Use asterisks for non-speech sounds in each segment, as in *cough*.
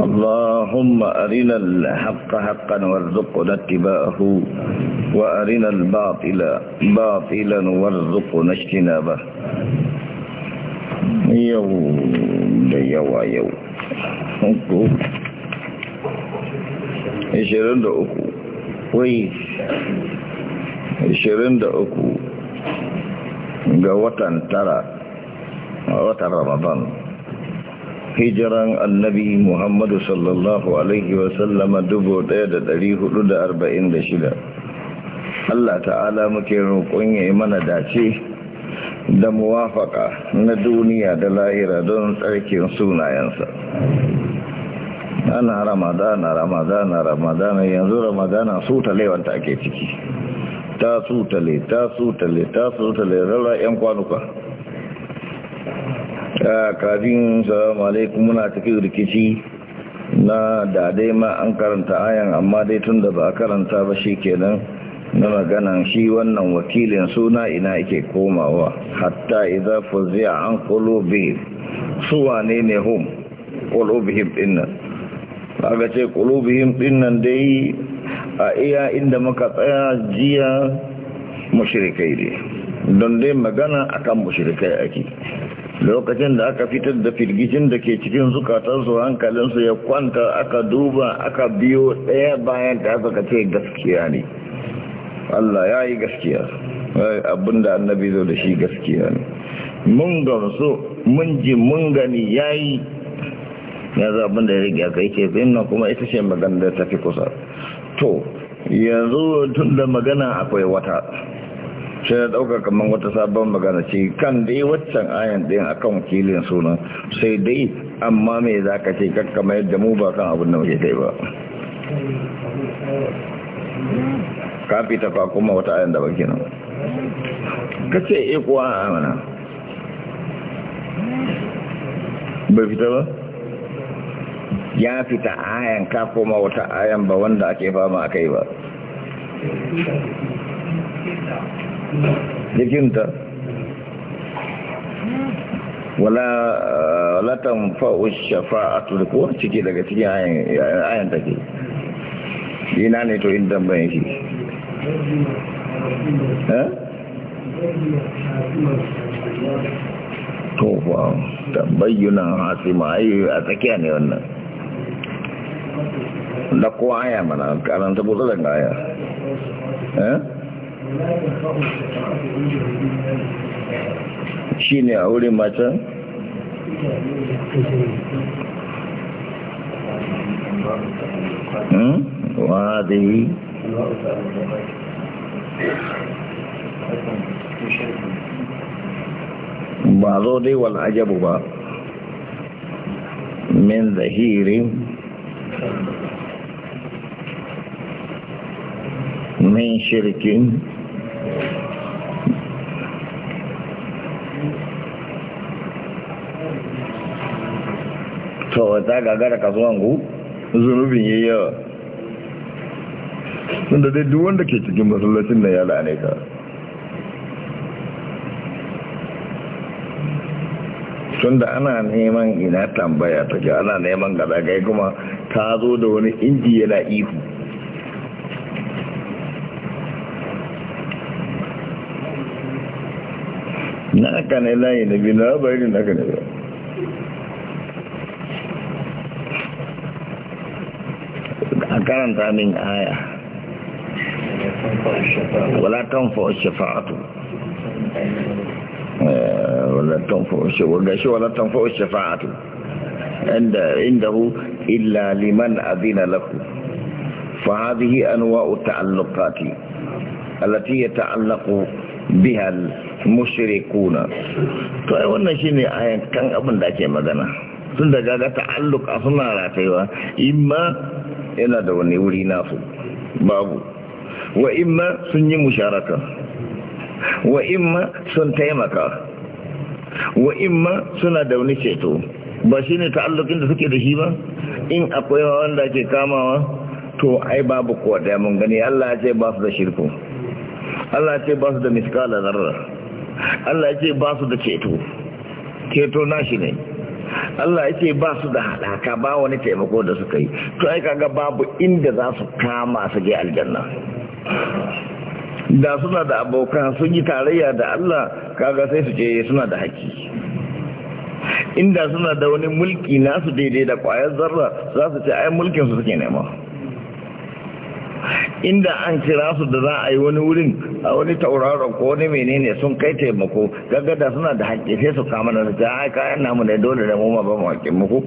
اللهم أرنا الحق حقا وارزقنا اتباعه وأرنا الباطل باطلا وارزقنا اجتنابه يو يو يو يوم يوم يوم يوم يوم يوم يوم يوم watan tara watan ramadan hijiran annabi Muhammadu sallallahu Alaihi wasallama shida. Allah ta'ala muke roƙon ya yi mana dace da muwafaka na duniya da lahira don tsarkin sunayensa. Ana Ramadana, Ramadana, Ramadana yanzu Ramadana su talewanta ake ciki. Ta su tale, ta su tale, ta su tale, rara 'yan kwanuka. kafin salamu alaikum muna cikin rikici na da dai ma an karanta ayan amma dai tun da ba a karanta ba shi kenan na magana shi wannan wakilin suna ina ke komawa hatta idza fuzia an qulubihim su wane ne hum qulubihim dinnan kaga ce qulubihim dinnan dai a iya inda muka tsaya jiya mashirikai ne don dai magana akan mashirikai ake lokacin da aka fitar da firgicin da ke cikin zukatarsu hankalinsu ya kwanta aka duba aka biyo ɗaya bayan da aka ce gaskiya ne Allah ya yi gaskiya abin da annabi zo da shi gaskiya ne mun gamsu mun ji mun gani ya yi ya za abin da ya rage aka yi ce kuma ita ce magana da tafi kusa to yanzu tun da magana akwai wata sai na ɗauka kamar wata sabon magana ce kan dai waccan ayan ɗin a kan wakilin sunan sai dai amma mai za ka ce kakkama yadda mu ba kan abin da muke dai ba ka fita fa kuma wata ayan da ba nan ka ce e kuwa a amana bai fita ba ya fita ayan ka koma wata ayan ba wanda ake fama a kai ba jikinta wala wala tanfa'u shafa'atu ko ciki daga cikin ayan take na ne to in tambayin shi eh to fa tabayyunan hasima ai a tsakiya ne wannan da ko aya mana karanta buzo da aya eh shi ne a wurin mata? Hmm? ba zo dai wal ajabu ba min zahirin min shirkin to ta gagara kasu wangu zunubin yi yawa tun da dai duk wanda ke cikin masallacin nan ya la'ane ka tun da ana neman ina tambaya ta ke ana neman gada gai kuma ta zo da wani inji yana ihu na aka ne layi na biyu na bayanin aka ne biyu karanta min aya wala tanfa shafa'atu eh, wala tanfa shafa'atu wala tanfa shafa'atu inda indahu illa liman adina lahu fa hadhihi anwa'u ta'alluqati allati yata'allaqu biha mushrikuna to ai wannan shine ayan kan abin da ake magana tun da gaga ta'alluq a suna rataywa imma yana da wani wuri nasu babu wa imma sun yi musharaka wa imma sun taimaka wa imma suna da wani ceto ba shi ne ta'allukin da suke da shi ba in akwai wanda ke kamawa to ai babu kuwa daya mun gani Allah ya ce ba su da shirku Allah ya ce ba su da miskala zarra Allah ya ce ba su da ceto ceto na shi ne Allah ya ce ba su da haɗaka ba wani taimako da suka yi to ai kaga babu inda za su kama su je aljanna da suna da abokan sun yi tarayya da Allah kaga sai su ce suna da haƙi inda suna da wani mulki nasu daidai da ƙwayar zarra za su ce ai mulkin su suke nema inda an kira su da za a yi wani wurin a wani tauraron ko wani menene sun kai taimako gaggada suna da haƙƙi sai su kama da su ai kayan namu ne dole da mu ma ba mu muku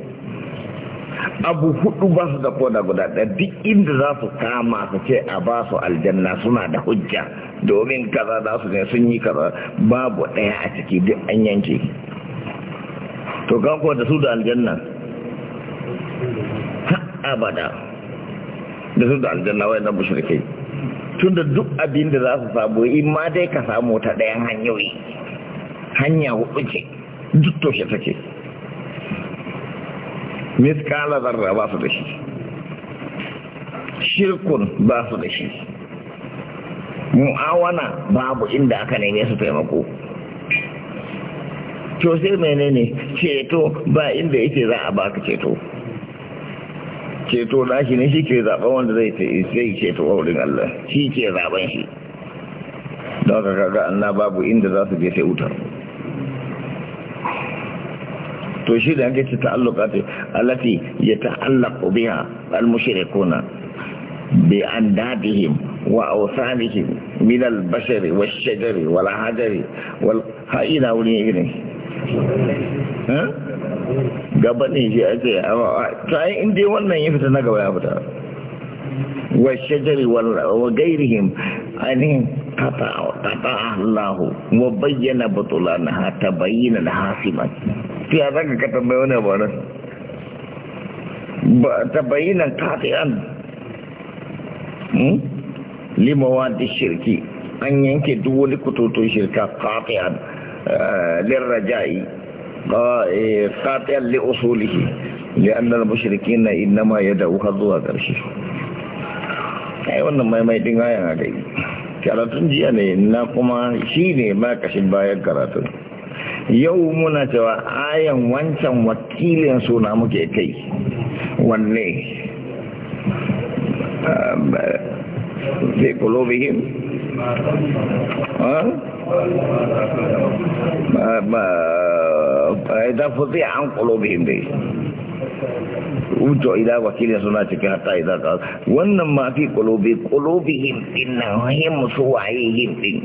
abu hudu ba su da da guda da duk inda za su kama su ce a ba su aljanna suna da hujja domin kaza za su ne sun yi kaza babu ɗaya a ciki duk an yanke to kanko da su da aljanna abada da su da aljanna wayannan mushrike tunda duk abin da za su samu in ma dai ka samu ta ɗayan hanyoyi hanya hudu ce duk toshe take miskala zarra ba su da shi shirkun ba su da shi mu'awana babu inda aka neme su taimako to sai menene ceto ba inda yake za a baka ceto ceto da shi ne shi ke zaɓen wanda zai ceto a wurin Allah shi ke zaɓen shi don ka kaga anna babu inda za su je sai wutar to shi da ake ce ta'alluka ta allati ya ta'allaku biha al-mushrikuna bi andadihim wa awsanihim min al-bashari wash-shajari wal-hajari wal ha'ina wurin ne Eh? Gabanin shi a amma ta yi inda wannan ya fita na gaba ya fita wa shajari wa gairihim ainihin tata allahu wa bayyana batula na ha ta bayyana na hasiman fiya za ka kata mai wani abu ba ta bayyana katiyan hmm? limawa da shirki an yanke duk wani kututun shirka katiyan eh, lirraja'i قاطع لأصوله لأن المشركين إنما يدعوها الضوء كرشي ai wannan maimaitin ayan a kai karatun jiya ne na kuma shi ne makashin bayan karatun yau muna cewa ayan wancan wakilin suna muke kai wanne fi kulobihim idan fuzi suna hatta idan ka wannan ma fi kulobi kulobihim din na wahim su waye yin din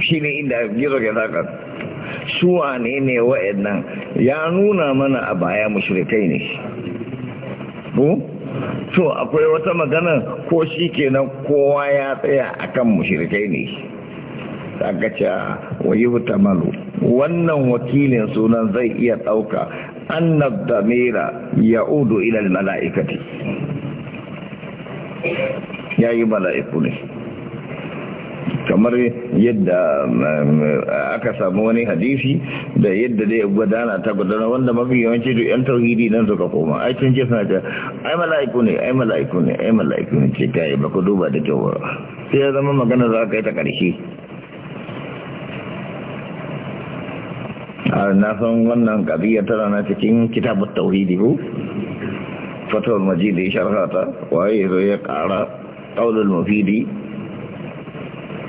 shine inda gizo ya nuna mana a baya mushrikai ne ko to akwai wata magana ko shi kenan kowa ya tsaya akan mushirikai ne aka wayi malu wannan wakilin sunan zai iya ɗauka annab damira ya udu ilal mala'ikati ya yi mala'iku ne kamar yadda um, um, aka samu wani hadisi da yadda dai gudana ta gudana wanda mafi yawanci da yan tauhidi nan suka koma ai tun ce suna ce ai mala'iku ne ai mala'iku ne ai mala'iku ne ce kai ba ku duba da kyau ba sai ya zama magana za ka yi ta ƙarshe na san wannan ƙabiyar tana na cikin kitabun tauhidi ko fatawar majidi sharhata waye zo ya ƙara ƙaunar mafidi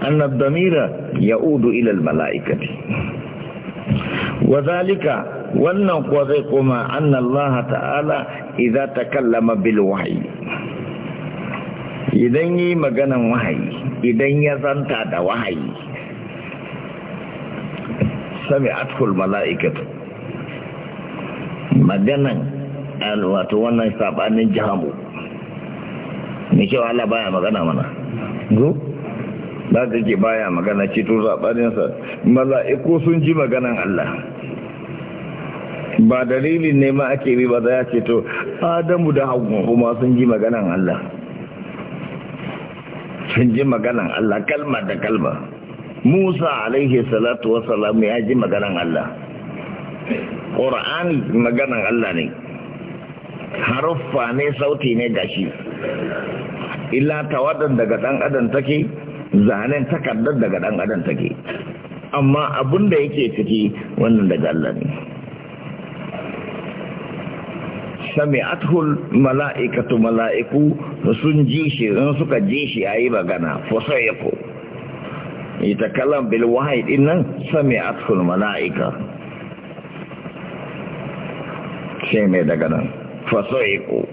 أن الضمير يعود إلى الملائكة وذلك ولنقذكما أن الله تعالى إذا تكلم بالوحي idan yi maganan wahayi idan ya zanta da wahayi sami atkul mala'ikatu maganan wato wannan sabanin jihamu mai cewa baya magana mana da ta ke baya magana ce to zaɓarinsa mala'iku sun ji maganan Allah ba dalilin ne ma ake bi ba za ya ce to adamu da hagu kuma sun ji maganan Allah sun ji maganan Allah kalma da kalma musa alaihi salatu wasalam ya ji maganan Allah Qur'ani maganan Allah ne haruffa ne sauti ne gashi illa tawadan daga ɗan adam take zanen takardar daga ɗan adam take amma abin da yake ciki wannan daga Allah ne sami'atul mala'ikatu mala'iku sun ji shi sun suka ji shi yayi magana ko. ita kalam bil wahid din nan sami'atul mala'ika sai mai daga nan fasayku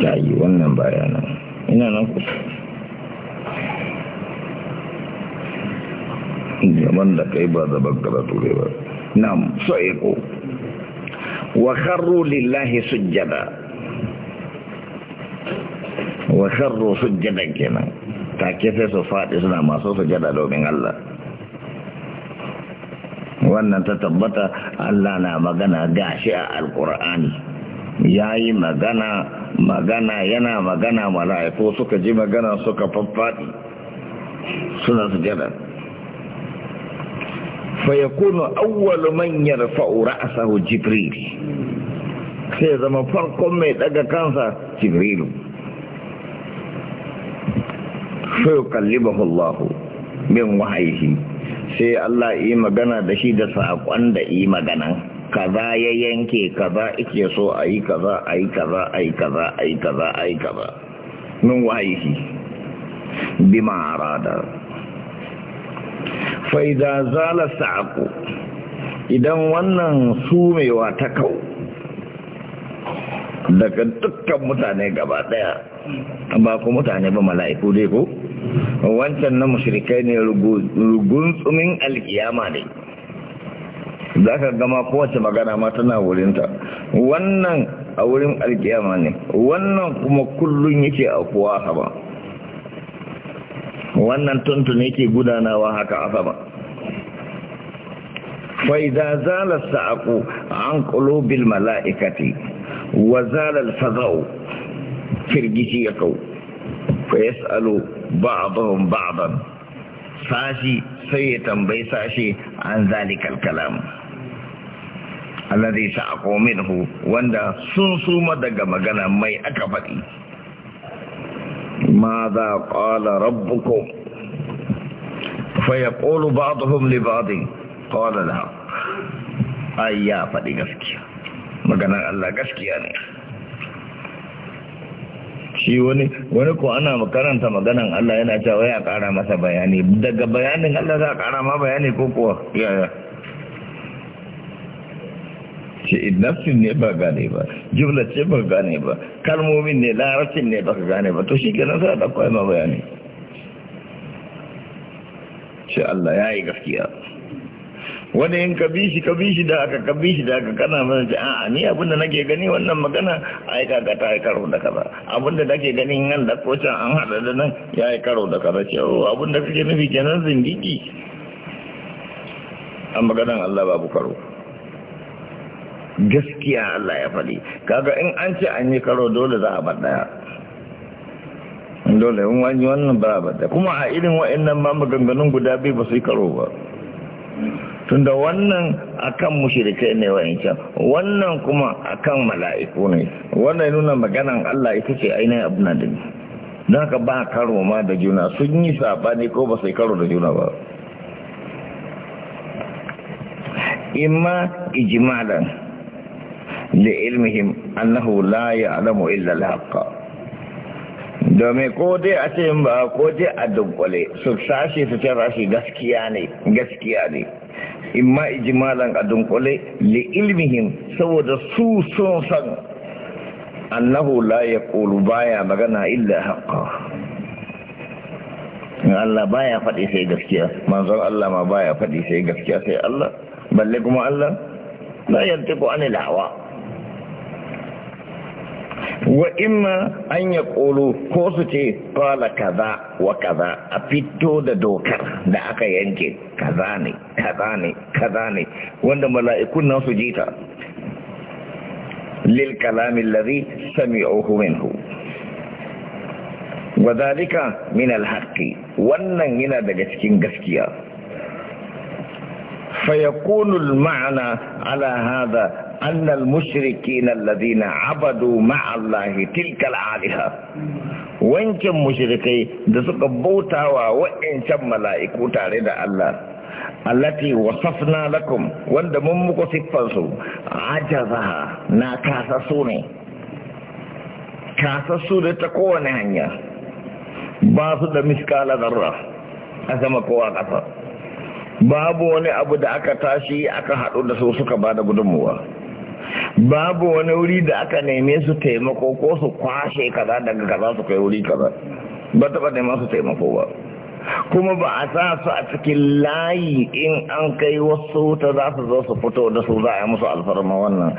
yi wannan bayanan ina nan kusa zaman da kai ba zaban karatu ture ba nam sa'iqu wa kharru lillahi sujjada wa kharru sujjadan kenan take sai su faɗi suna masu sujjada domin Allah wannan ta tabbata Allah na magana gashi a alkur'ani ya yi magana magana yana magana mala'iku suka ji magana suka faffaɗi suna sujada fayakuna awwal man yarfa'u ra'sahu jibril sai zama farkon mai ɗaga kansa jibril sai kallibahu allah min wahayhi sai allah yi magana da shi da saƙon da yi magana kaza ya yanke kaza yake so ayi kaza ayi kaza ayi kaza ayi kaza ayi kaza min wahayhi bima arada faida zala sa'aku idan wannan sumewa ta kau daga dukkan mutane gaba daya ba ku mutane ba mala'iku dai ko wancan na mushrikai ne rugun tsumin alkiyama ne za ka gama kowace magana ma tana wurinta wannan a wurin alkiyama ne wannan kuma kullum yake a kowa ba wannan tuntun ke gudanawa haka afa ba fa idza zala sa'u an qulubil malaikati wa zala al-fadhu firgisi yakau fa yasalu ba'dhum ba'dan sashi sai ya tambayi sashi an zalikal kalam alladhi sa'u minhu wanda sun suma daga maganar mai aka faɗi ماذا قال ربكم فيقول بعضهم لبعض قال لها ai ya faɗi gaskiya maganar Allah gaskiya ne shi wani wani ko ana makaranta maganan Allah yana cewa ya ƙara masa bayani daga bayanin Allah za a ƙara ma bayani ko kuwa yaya ce eh, nafsin ne ba gane ba jumla ce ba gane ba kalmomin ne larabcin ne ba gane ba to shi ke nasara da kawai ma bayani ce Allah ya yi gaskiya wani yin kabi shi kabi shi da aka kabi shi da aka kana mana ce a'a ni abinda nake gani wannan magana a ka ga ta yi karo da kaza abinda nake ganin yan da kocin an hada da nan ya yi karo da kaza ce oh, abinda kake nufi kenan zindiki an maganan Allah babu karo gaskiya Allah ya faɗi kaga in an ce an yi karo dole za a baɗaya dole in wani wannan ba a baɗaya kuma a irin wa'annan ma maganganun guda biyu ba su yi karo ba tunda wannan akan mushrikai ne wa'ancan wannan kuma akan mala'iku ne wannan nuna maganan Allah ita ce ainihin abu na dani don haka ba karo ma da juna sun yi saɓani ko ba su yi karo da juna ba imma ijimalan لعلمهم أنه لا يعلم إلا الحق دومي كودي أتيم كودي أدوب ولي سكساشي تتراشي غسكياني غسكياني إما إجمالا أدوب ولي لعلمهم سوى دسو سوسا أنه لا يقول بايا مغنى إلا حقا Allah baya faɗi sai gaskiya manzon Allah ma baya faɗi sai gaskiya sai Allah balle kuma Allah la yantiqu anil hawa wa imma an ya ko su ce kala kaza wa kaza a fito da dokar da aka yanke kaza ne kaza ne kaza ne wanda mala'ikun nan su jita lil kalamin lari sami'uhu minhu wa zalika min alhaqi wannan yana daga cikin gaskiya فيكون ma'ana على هذا أن المشركين الذين عبدوا مع الله تلك wancan mushrikai da suka bautawa wa'ancan mala'iku tare da Allah allati wasafna lakum wanda mun muku siffansu ajazaha na kasassu ne kasassu da ta kowane hanya ba su da miskala zarra a sama kowa ƙasa babu wani abu da aka tashi aka haɗu da su suka ba da gudunmuwa babu wani wuri da aka neme su taimako ko su kwashe kaza daga kaza su kai wuri kaza ba ba neman su taimako ba kuma ba a sa su a cikin layi in an kai wasu ta za su zo su fito da su za a yi musu alfarma wannan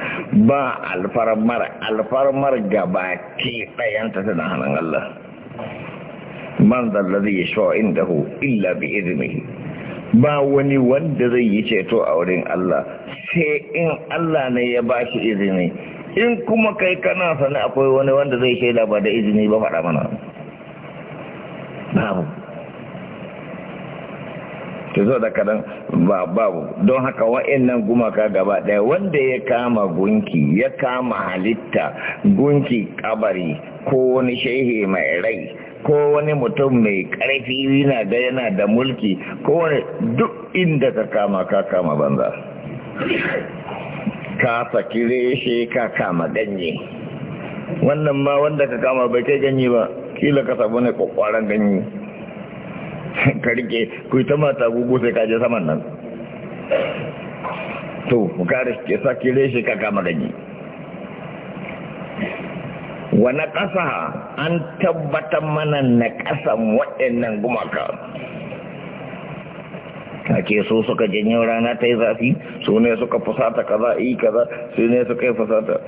ba alfarmar alfarmar gabaki ɗayanta tana hannun Allah man zallazi ya shawo inda hu illa bi izini ba wani wanda zai yi ceto a wurin Allah sai in Allah ne ya ba shi izini in kuma kai kana sani akwai wani wanda zai shaida ba da izini ba faɗa mana babu ta zo da kadan babu don haka wa'annan gumaka gaba ɗaya wanda ya kama gunki ya kama halitta gunki kabari ko wani shehe mai rai ko wani mutum mai ƙarfi yana da yana da mulki ko wani duk inda ka kama ka kama banza ka saki reshe ka kama ganye wannan ma wanda ka kama bai kai ganye ba kila ka sabu ne kwakwaran ganye ka rike ku yi ta mata gugu sai ka je saman nan to ka saki reshe ka kama ganye wani ƙasa an tabbatar mana na ƙasan waɗannan gumaka ake so suka janyo rana ta yi zafi su ne suka fusata kaza yi kaza su ne suka yi fusata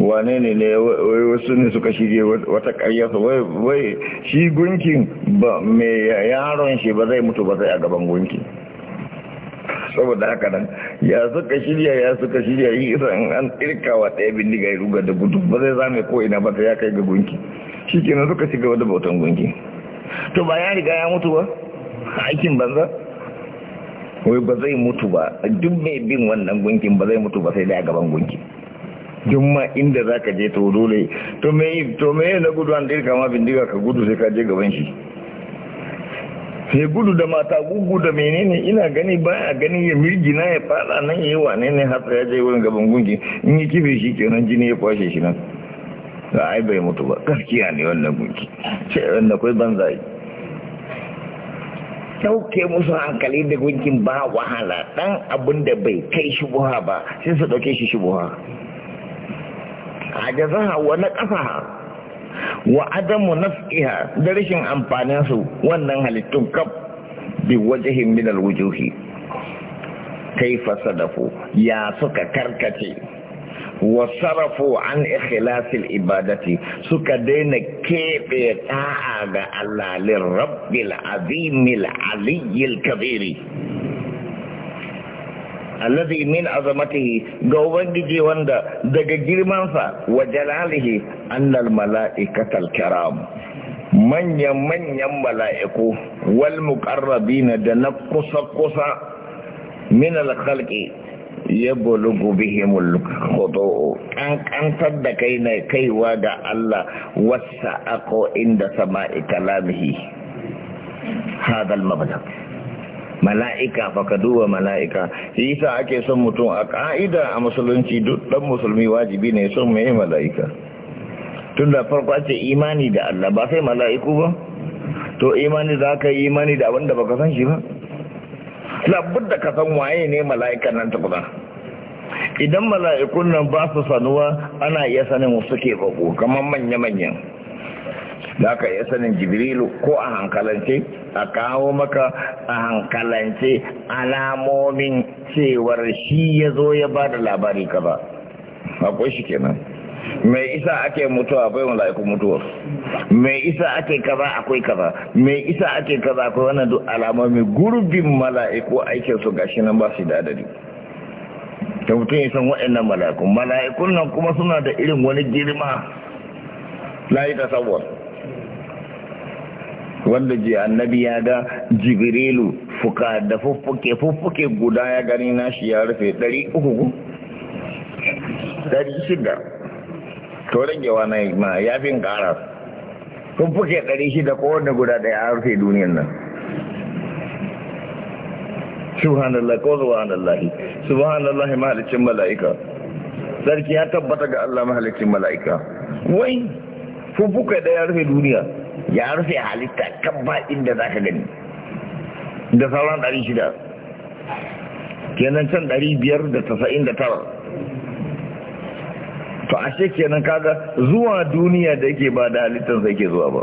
wane ne ne wasu ne suka shige wata ƙarya su wai shi gunkin ba mai yaron shi ba zai mutu ba zai a gaban gunkin saboda haka nan ya suka shirya ya suka shirya yi isan an wa ɗaya bindiga ya ruga da gudu ba zai zame ko ina ba ta ya kai ga gunki shi kenan suka shiga wata bautan gunki to ba ya riga ya mutu ba aikin banza wai ba zai mutu ba duk mai bin wannan gunkin ba zai mutu ba sai dai a gaban gunkin duk ma inda za ka je to dole to me to me na gudu an dirka ma bindiga ka gudu sai ka je gaban shi sai gudu da mata gugu da menene ina gani ba a gani ya mirgina ya fada nan ya yi wane ne hatsa ya je wurin gaban gunkin in yi kife shi kenan jini ya kwashe shi nan ba ai bai mutu ba gaskiya ne wannan gunki sai wanda akwai banzai ɗauke musu hankali da gunkin ba wahala ɗan abin da bai kai shubuha ba sai su ɗauke shi shubuha hajazaha wa na kafa wa adamu nafsiha da rashin amfanin su wannan halittun kaf bi wajihin min alwujuhi kaifa sadafu ya suka karkace wasarafu an ikhlasil ibadati suka daina keɓe ta'a ga Allah lirrabbil azimil aliyyil kabiri alladhi min azamatihi ga ubangiji wanda daga girmansa wa jalalihi annal mala'ikatal kiram manyan manyan mala'iku wal muqarrabina da na kusa kusa min al an بهم da kai ne kaiwa da Allah الله وسأقو inda سماء كلامه hadal المبلغ mala'ika faka duba mala'ika shi yasa ake son mutum a ka'ida a musulunci duk dan musulmi wajibi ne son mai mala'ika tun da farko ce imani da Allah ba sai mala'iku ba to imani za ka yi imani da abinda baka san shi ba labbar da ka san waye ne mala'ikan nan ta tukuna idan mala'ikun nan ba su sanuwa ana iya sanin suke bako kamar manya-manyan Da ka iya sanin jibrilu ko a hankalance a kawo maka a hankalance alamomin cewar shi ya zo ya ba da labari ka ba akwai shi kenan mai isa ake mutuwa akwai mala'ikun mutuwa mai isa ake kaza akwai kaza mai isa ake kaza akwai wannan duk alamomi gurbin mala'iku aikinsu gashi nan ba su da adadi ta mutum ya san waɗannan mala'ikun mala'ikun nan kuma suna da irin wani girma layi ta sabuwar wanda ji annabi ya ga jibrilu fuka da fuffuke fuffuke guda ya gani na shi ya rufe ɗari uku ɗari shida to ragewa na ma ya fi ƙara fuffuke ɗari shida ko wanda guda ɗaya ya rufe duniyan nan subhanallah ko subhanallah subhanallah mahalicin mala'ika sarki ya tabbata ga Allah mahalicin mala'ika wai fufuka da ya rufe duniya ya rufe halitta kan ba inda za ka gani da sauran ɗari shida kenan can ɗari biyar da tasa'in da tara to ashe kenan kaga zuwa duniya da yake ba da halittar sai ke zuwa ba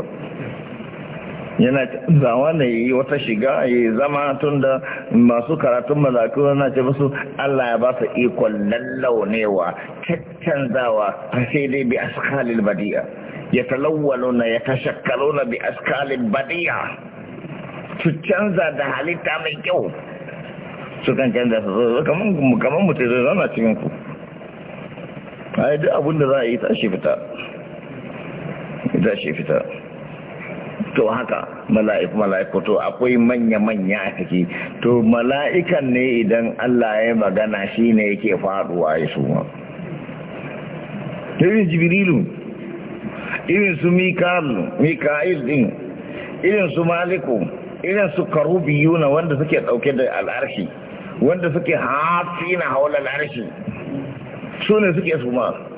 yana canzawa ne yi wata shiga ya zama tun da masu karatun malakiru na ce musu Allah ya ba su ikon lallaunewa caccanzawa ta sai dai bi askalin badiya ya na ya na bi askalin badiya su canza da halitta mai kyau su kan canza su zo kamar mutu zai zama cikin ku a yi duk abin da za a yi tashi fita tashi fita to haka mala'iku mala'iku to akwai manya-manya a ciki to mala'ikan ne idan Allah ya magana shi ne yake faruwa ya suma irin jibrilu irin su mika'il din irin su maliku irin su karubi yuna wanda suke dauke da al'arshi wanda suke hafi na haula al'arshi su ne suke suma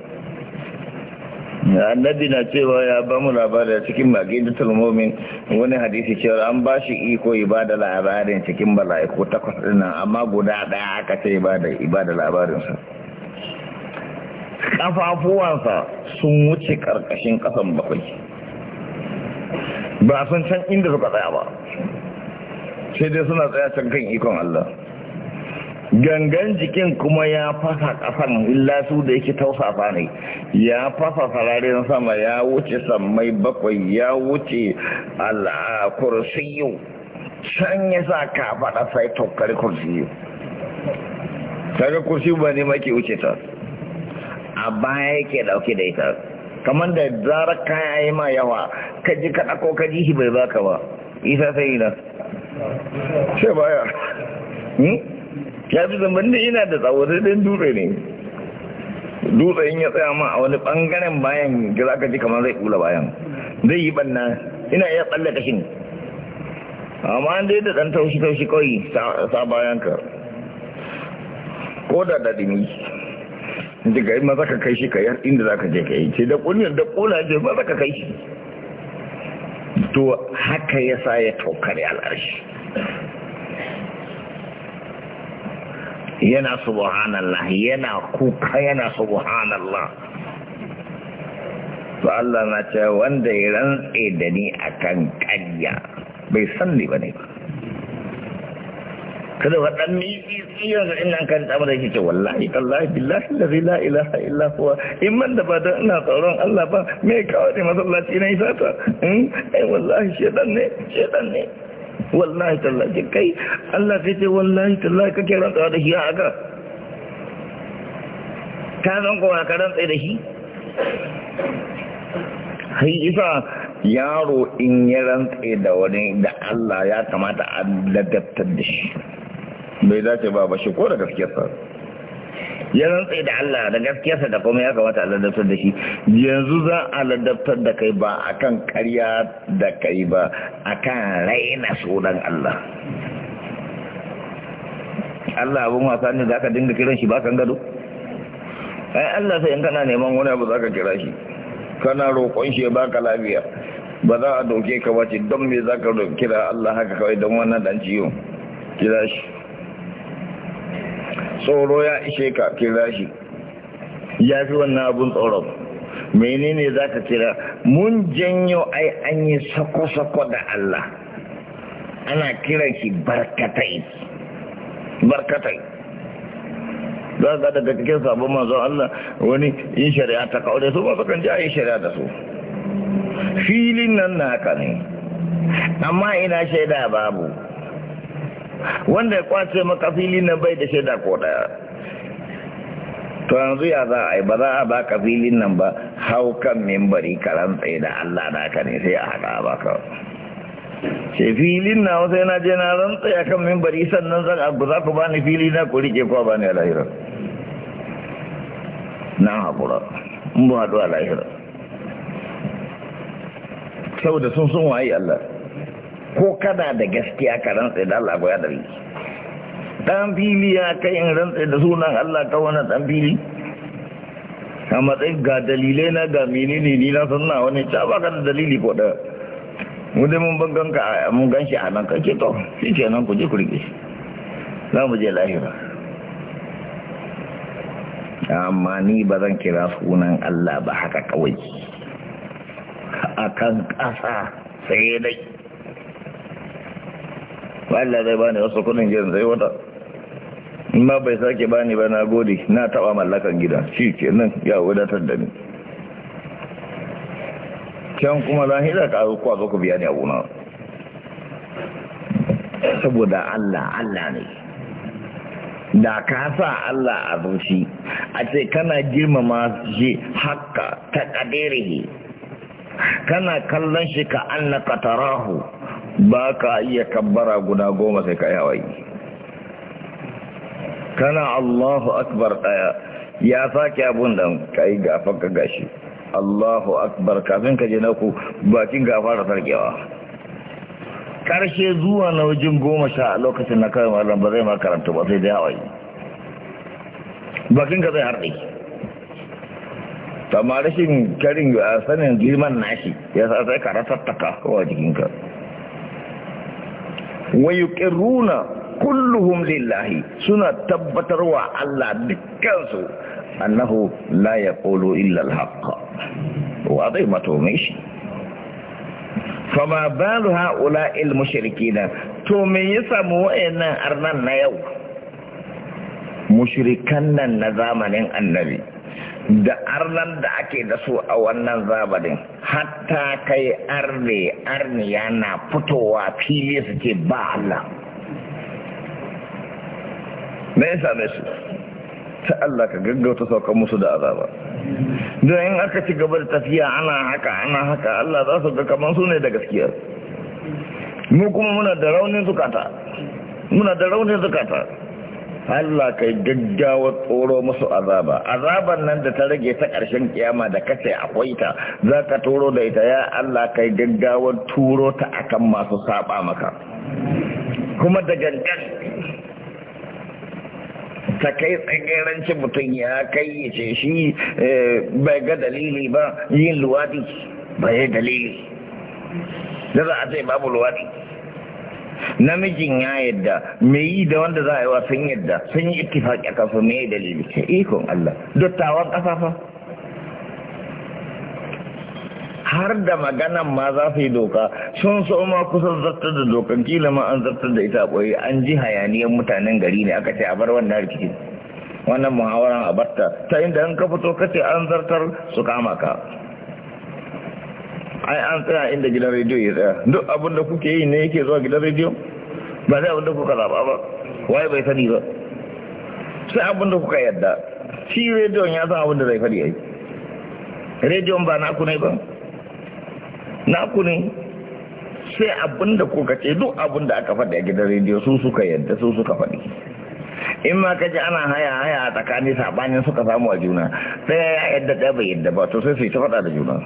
annabi na cewa ya ba mu labarin cikin da talmomin wani hadisi cewa an ba shi iko ibada labarin cikin mala'iku takwas dinnan amma guda daya aka ce ibada ibada labarinsa kafafuwansa sun wuce karkashin kasan bakwai ba sun can inda suka tsaya ba sai dai suna tsaya can kan ikon Allah gangan jikin kuma ya fasa kasan illa su da yake tausafa ne ya fasa sararin sama ya wuce sammai bakwai ya wuce al'akursiyu can ya sa ka faɗa sai tokar kursiyu kaga kursiyu ba ne maki wuce ta a baya yake dauke da ita kamar da zarar kaya yi ma yawa ka ji ka ɗako ka ji shi bai baka ba isa sai ina ce baya hmm? ya fi zaman da ina da tsawarin dutse ne dutse in ya tsaya ma a wani bangaren bayan da za ka ji kamar zai kula bayan zai yi banna ina iya tsallaka shi amma dai da ɗan taushi-taushi kawai sa bayan ka ko da daɗini daga yi maza ka kai shi ka yar inda za ka je ka yi ce da ƙunin da ƙuna je maza ka kai shi to haka ya sa ya tokare al'arshi yana subhanallah yana kuka yana subhanallah to Allah na ce wanda ya rantsa da ni akan ƙarya bai san ni bane ba kada waɗan miƙiƙiyar ga ina kan tsamar da yake wallahi wallahi billahi la ilaha illa huwa in man da ba don ina tsoron Allah ba me kawai masallaci ne isata in hmm? ai wallahi shedan ne shedan ne wallahi tallahi kai Allah sai ce wallahi tallahi kake rantsawa da shi a aka ka zan kowa ka rantsai da shi hai isa yaro in ya rantsa da wani da Allah ya kamata a ladabtar da shi bai dace ba ba shi ko da gaskiyar sa ya rantsa da Allah da gaskiya sa da kuma ya kamata a ladabtar da shi yanzu za a ladabtar da kai ba akan karya da kai ba akan raina sunan Allah Allah abin wasa ne za ka dinga kiran shi ba kan gado ai Allah sai in kana neman wani abu za ka kira shi kana roƙon shi ba ka lafiya ba za a doke ka wace don me za ka kira Allah haka kawai don wannan dan ciwo kira shi tsoro ya ishe ka kira shi ya fi wannan abun tsoron menene za ka kira mun janyo ai an yi sako-sako da Allah ana kiran shi barkatai barkatai za ka daga cikin sabon mazan Allah wani yin shari'a ta kawo da su ba su kan ji a yi shari'a da su filin nan na haka ne amma ina shaida babu wanda ya kwace maka fili nan bai da shaida ko daya to yanzu ya za a yi ba za a baka filin nan ba hau kan membari karan tsaye da Allah da ka ne sai a haɗa ka. ce filin na wasu yana je na zan tsaye kan mimbari sannan zan abu za ku ba ni fili na ku rike kuwa ba ni a lahirar haƙura in haɗu a lahirar saboda sun sun waye Allah ko kana da gaskiya ka rantse da Allah ya da riki dan fili ya kai in rantsa da sunan Allah ka wani dan fili a matsayin ga dalilai na ga menene ni na sunna wani ta ba ka da dalili ko da mu dai mun bangan ka mun ganshi a nan kake to shi kenan ku je ku rike za mu je lahira amma ni ba zan kira sunan Allah ba haka kawai akan ƙasa sai dai ba Allah zai bani wasu kudin gidan zai wata in ma bai sake bani ba na gode na taba mallakan gida shi ke nan ya wadatar da ni can kuma lahira ka zo kwazo ku biya ni abuna saboda Allah Allah ne da ka sa Allah a zuci a ce kana girmama shi haka ta kadirihi kana kallon shi ka annaka tarahu ba ka iya kabbara guda goma sai ka yawai kana Allahu akbar daya ya sake abun da kai gafar ka gashi Allahu akbar kafin ka je na ku bakin gafar da sarkewa karshe zuwa na wajen goma sha a lokacin na kawai malam ba zai ma karanta ba sai da yawai bakin ka zai harɗe ma rashin karin sanin girman nashi ya sa sai ka rasattaka kowa jikinka wa yuqirruna kulluhum lillahi suna tabbatarwa Allah dukkansu annahu la yaqulu illa al-haqq wa dai matumishi fama balu ha'ula il mushrikina to me ya samu wayannan arna na yau mushirikan nan na zamanin annabi da arnan da ake da su a wannan zabarin hatta kai arne arne yana fitowa fili suke ba Allah me yasa same su ta Allah ka gaggauta saukan musu da azaba don in aka ci gaba da tafiya ana haka ana haka Allah za su ga kaman su ne da gaskiya mu kuma muna da raunin zukata muna da raunin zukata Allah kai gaggawa tsoro musu azaba azaban nan da ta rage ta ƙarshen kiyama da kace akwai ta zaka turo da ita ya Allah kai gaggawa turo ta akan masu saba maka kuma da gangan ta kai tsagerancin mutum ya kai ya ce shi eh, bai ga dalili ba yin luwadi bai dalili da za a ce babu luwadi namijin ya yadda me yi da wanda za a yi wa sun yadda sun yi ittifaki akan su me dalili ce ikon Allah Dottawan kasafa har da maganan ma za su yi doka sun so ma kusan zartar da dokan kila ma an zartar da ita koyi an ji hayaniyar mutanen gari ne aka ce a bar wannan rikicin wannan muhawarar a barta ta inda an ka fito kace an zartar su kama ka ai an tsaya inda gidan rediyo ya tsaya duk abin da kuke yi ne yake zuwa gidan rediyo ba sai abin da kuka zaba ba waye bai sani ba sai abin da kuka yadda shi rediyon ya san abin da zai fari yi rediyon ba na ne ba na ne sai abin da kuka ce duk abin da aka faɗi a gidan rediyo su suka yadda su suka faɗi in ma ka ana haya haya a tsakanin sabanin suka samu a juna Sai ya yadda ɗaya bai yadda ba to sai su yi ta faɗa da juna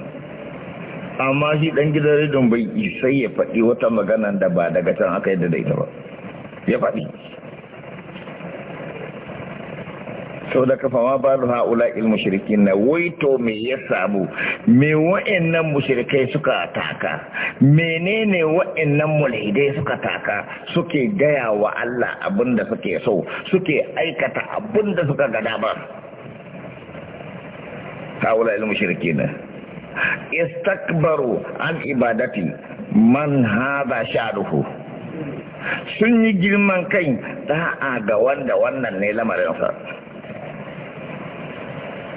amma shi dan gidan rediyon bai sai ya faɗi wata magana da ba daga can aka yadda da ita ba ya faɗi sau da kafa ma ba ruha ula ilmu shirki na waito me ya samu me wa'annan mushirikai suka taka menene wa'annan mulhidai suka taka suke gaya wa Allah abinda suke so suke aikata abinda suka gada ba ha ula ilmu shirki na istakbaru an ibadati man hada sha'ruhu sun yi girman kai da'a ga wanda wannan ne lamarinsa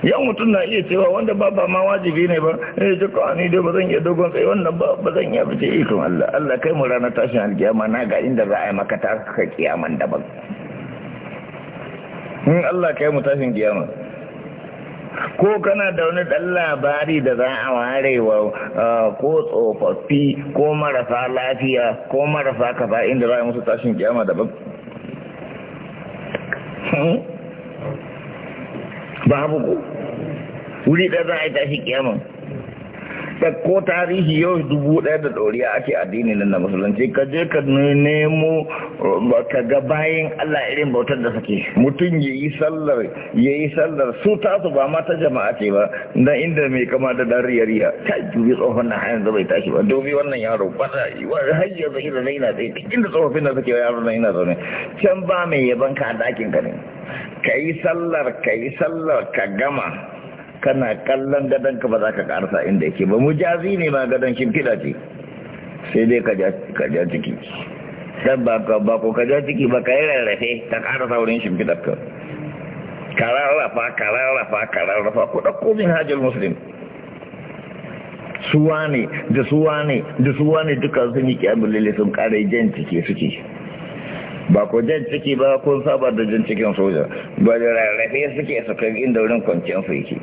yan mutum na iya cewa wanda ba ba ma wajibi ne ba eh ce ko ni dai ba zan iya dogon sai wannan ba ba zan iya fice ikon Allah Allah kai mu ranar tashin alkiyama na ga inda za a yi maka ta ka kiyaman daban in Allah kai mu tashin kiyama ko kana da wani ɗan labari da za a ware wa ko tsofaffi ko marasa lafiya ko marasa kafa inda za a musu tashin kiyama daban hmm? babu ku wuri ɗaya za a yi tashin kiyaman ɗauko tarihi yau dubu ɗaya da ɗoriya ake addini nan na musulunci ka je ka nemo ka ga bayan Allah irin bautar da suke mutum ya yi sallar ya yi sallar su tasu ba ma ta jama'a ce ba na inda mai kama da dan riya ta dubi tsohon na hanyar da bai tashi ba dubi wannan yaro ba da har yanzu ina na ina tsaye inda tsofaffin da suke yaro na ina zaune can ba mai yaban ka a dakin ka ne ka yi sallar ka yi sallar ka gama kana kallon gadon ka ba za ka karsa inda yake ba mujazi ne ma gadon shimfiɗa ce sai dai ka ja ciki dan ba ko ka ja ciki ba ka yi rarrafe ka karasa wurin shimfiɗar ka kararrafa kararrafa kararrafa ku ɗauko min hajjar musulun suwa ne da suwa ne da suwa ne duka sun yi kyamun lalle sun kare jan ciki suke ba ko jan ciki ba kun saba da jan cikin soja ba da rarrafe suke su kai inda wurin kwanciyar su yake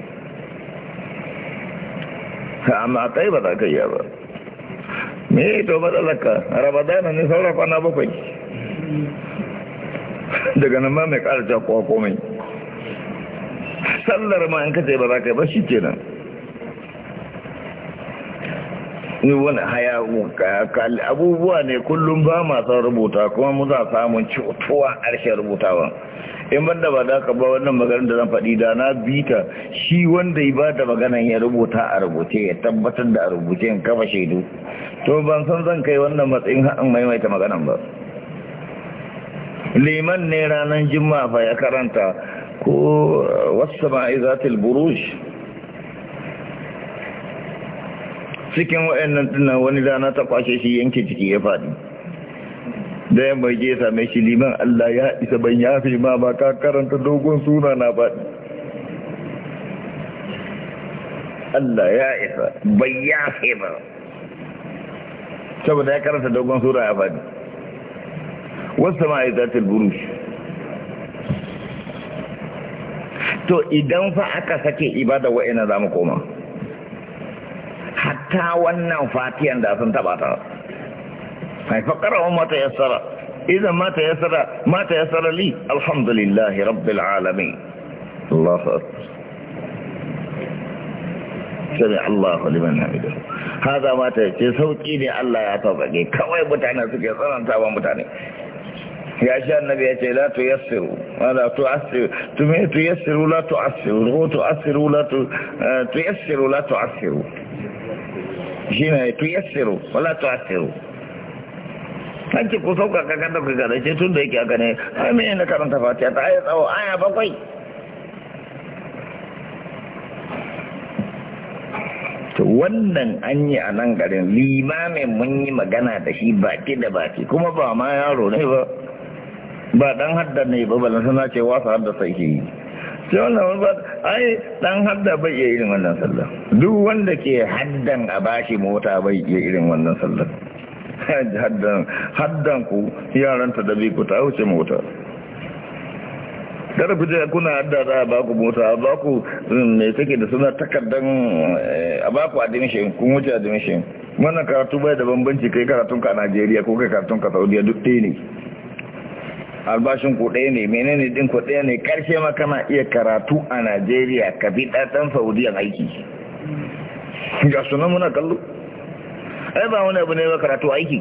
amma kai ba za ka yi ba me to matsalaka rabadana ne saura kwana bakwai daga nan ma mai ƙara jakuwa komai sallar ma in ka ce ba za ka yi ba shi kenan ni wani *laughs* haya abubuwa ne kullum ba masu rubuta kuma mu za samun cutuwa harshen rubutawa in banda ba za ka ba wannan maganar da zan faɗi da na bita shi wanda ya ba da maganar ya rubuta a rubuce ya tabbatar da a rubuce in kafa shaidu to ban san zan kai wannan matsayin haɗin maimaita maganar ba liman ne ranar jimma fa ya karanta ko wasu ma'izatul burush cikin wa'annan tunan wani rana ta kwashe shi yanke jiki ya faɗi da ya mai je mai shi liman Allah ya isa ban ya fi ma ba ka karanta dogon suna na faɗi Allah ya isa ban fi ba saboda ya karanta dogon suna ya faɗi wasu ma'aikatar burushi to idan fa aka sake ibada wa'ina za mu koma hatta wannan fatiyan da sun taɓa ta فقرأوا ما تيسر إذا ما تيسر ما تيسر لي الحمد لله رب العالمين الله أكبر سمع الله لمن حمده هذا ما تيسر سوكيني الله يعتبرني كوي متعنا سكي صنان تابا متعنا يا شيخ النبي يقول لا تيسر ولا تعسر تمي تيسر ولا تعسر هو تعسر ولا آه، تيسر ولا تعسر جينا تيسر ولا تعسر, ولا تعسر. an ce ku sauka ka kan dauka gada ce tun da yake aka ne ai mene na karanta fatiha ta aya tsawo aya bakwai to wannan an yi a nan garin limamin mun yi magana da shi baki da baki kuma ba ma yaro ne ba ba dan hadda ne ba balan sana ce wasa hadda sai yi. sai wannan ba ai dan hadda bai iya irin wannan sallah duk wanda ke haddan a bashi mota bai iya irin wannan sallah *laughs* haddan ku yaranta da ku ta wuce mota kada ku je kuna hadda za a ba ku mota a ba ku mm, me take da suna takardan eh, a ba ku admission kun wuce adimishin. wannan karatu bai da bambanci kai karatun ka a Najeriya ko kai karatun ka Saudiya duk ɗaya ne albashin ku ɗaya ne menene din ku ɗaya ne karshe ma kana iya karatu a Najeriya ka bi ɗan Saudiya aiki ga sunan muna kallo ai ba wani abu ne ba karatu aiki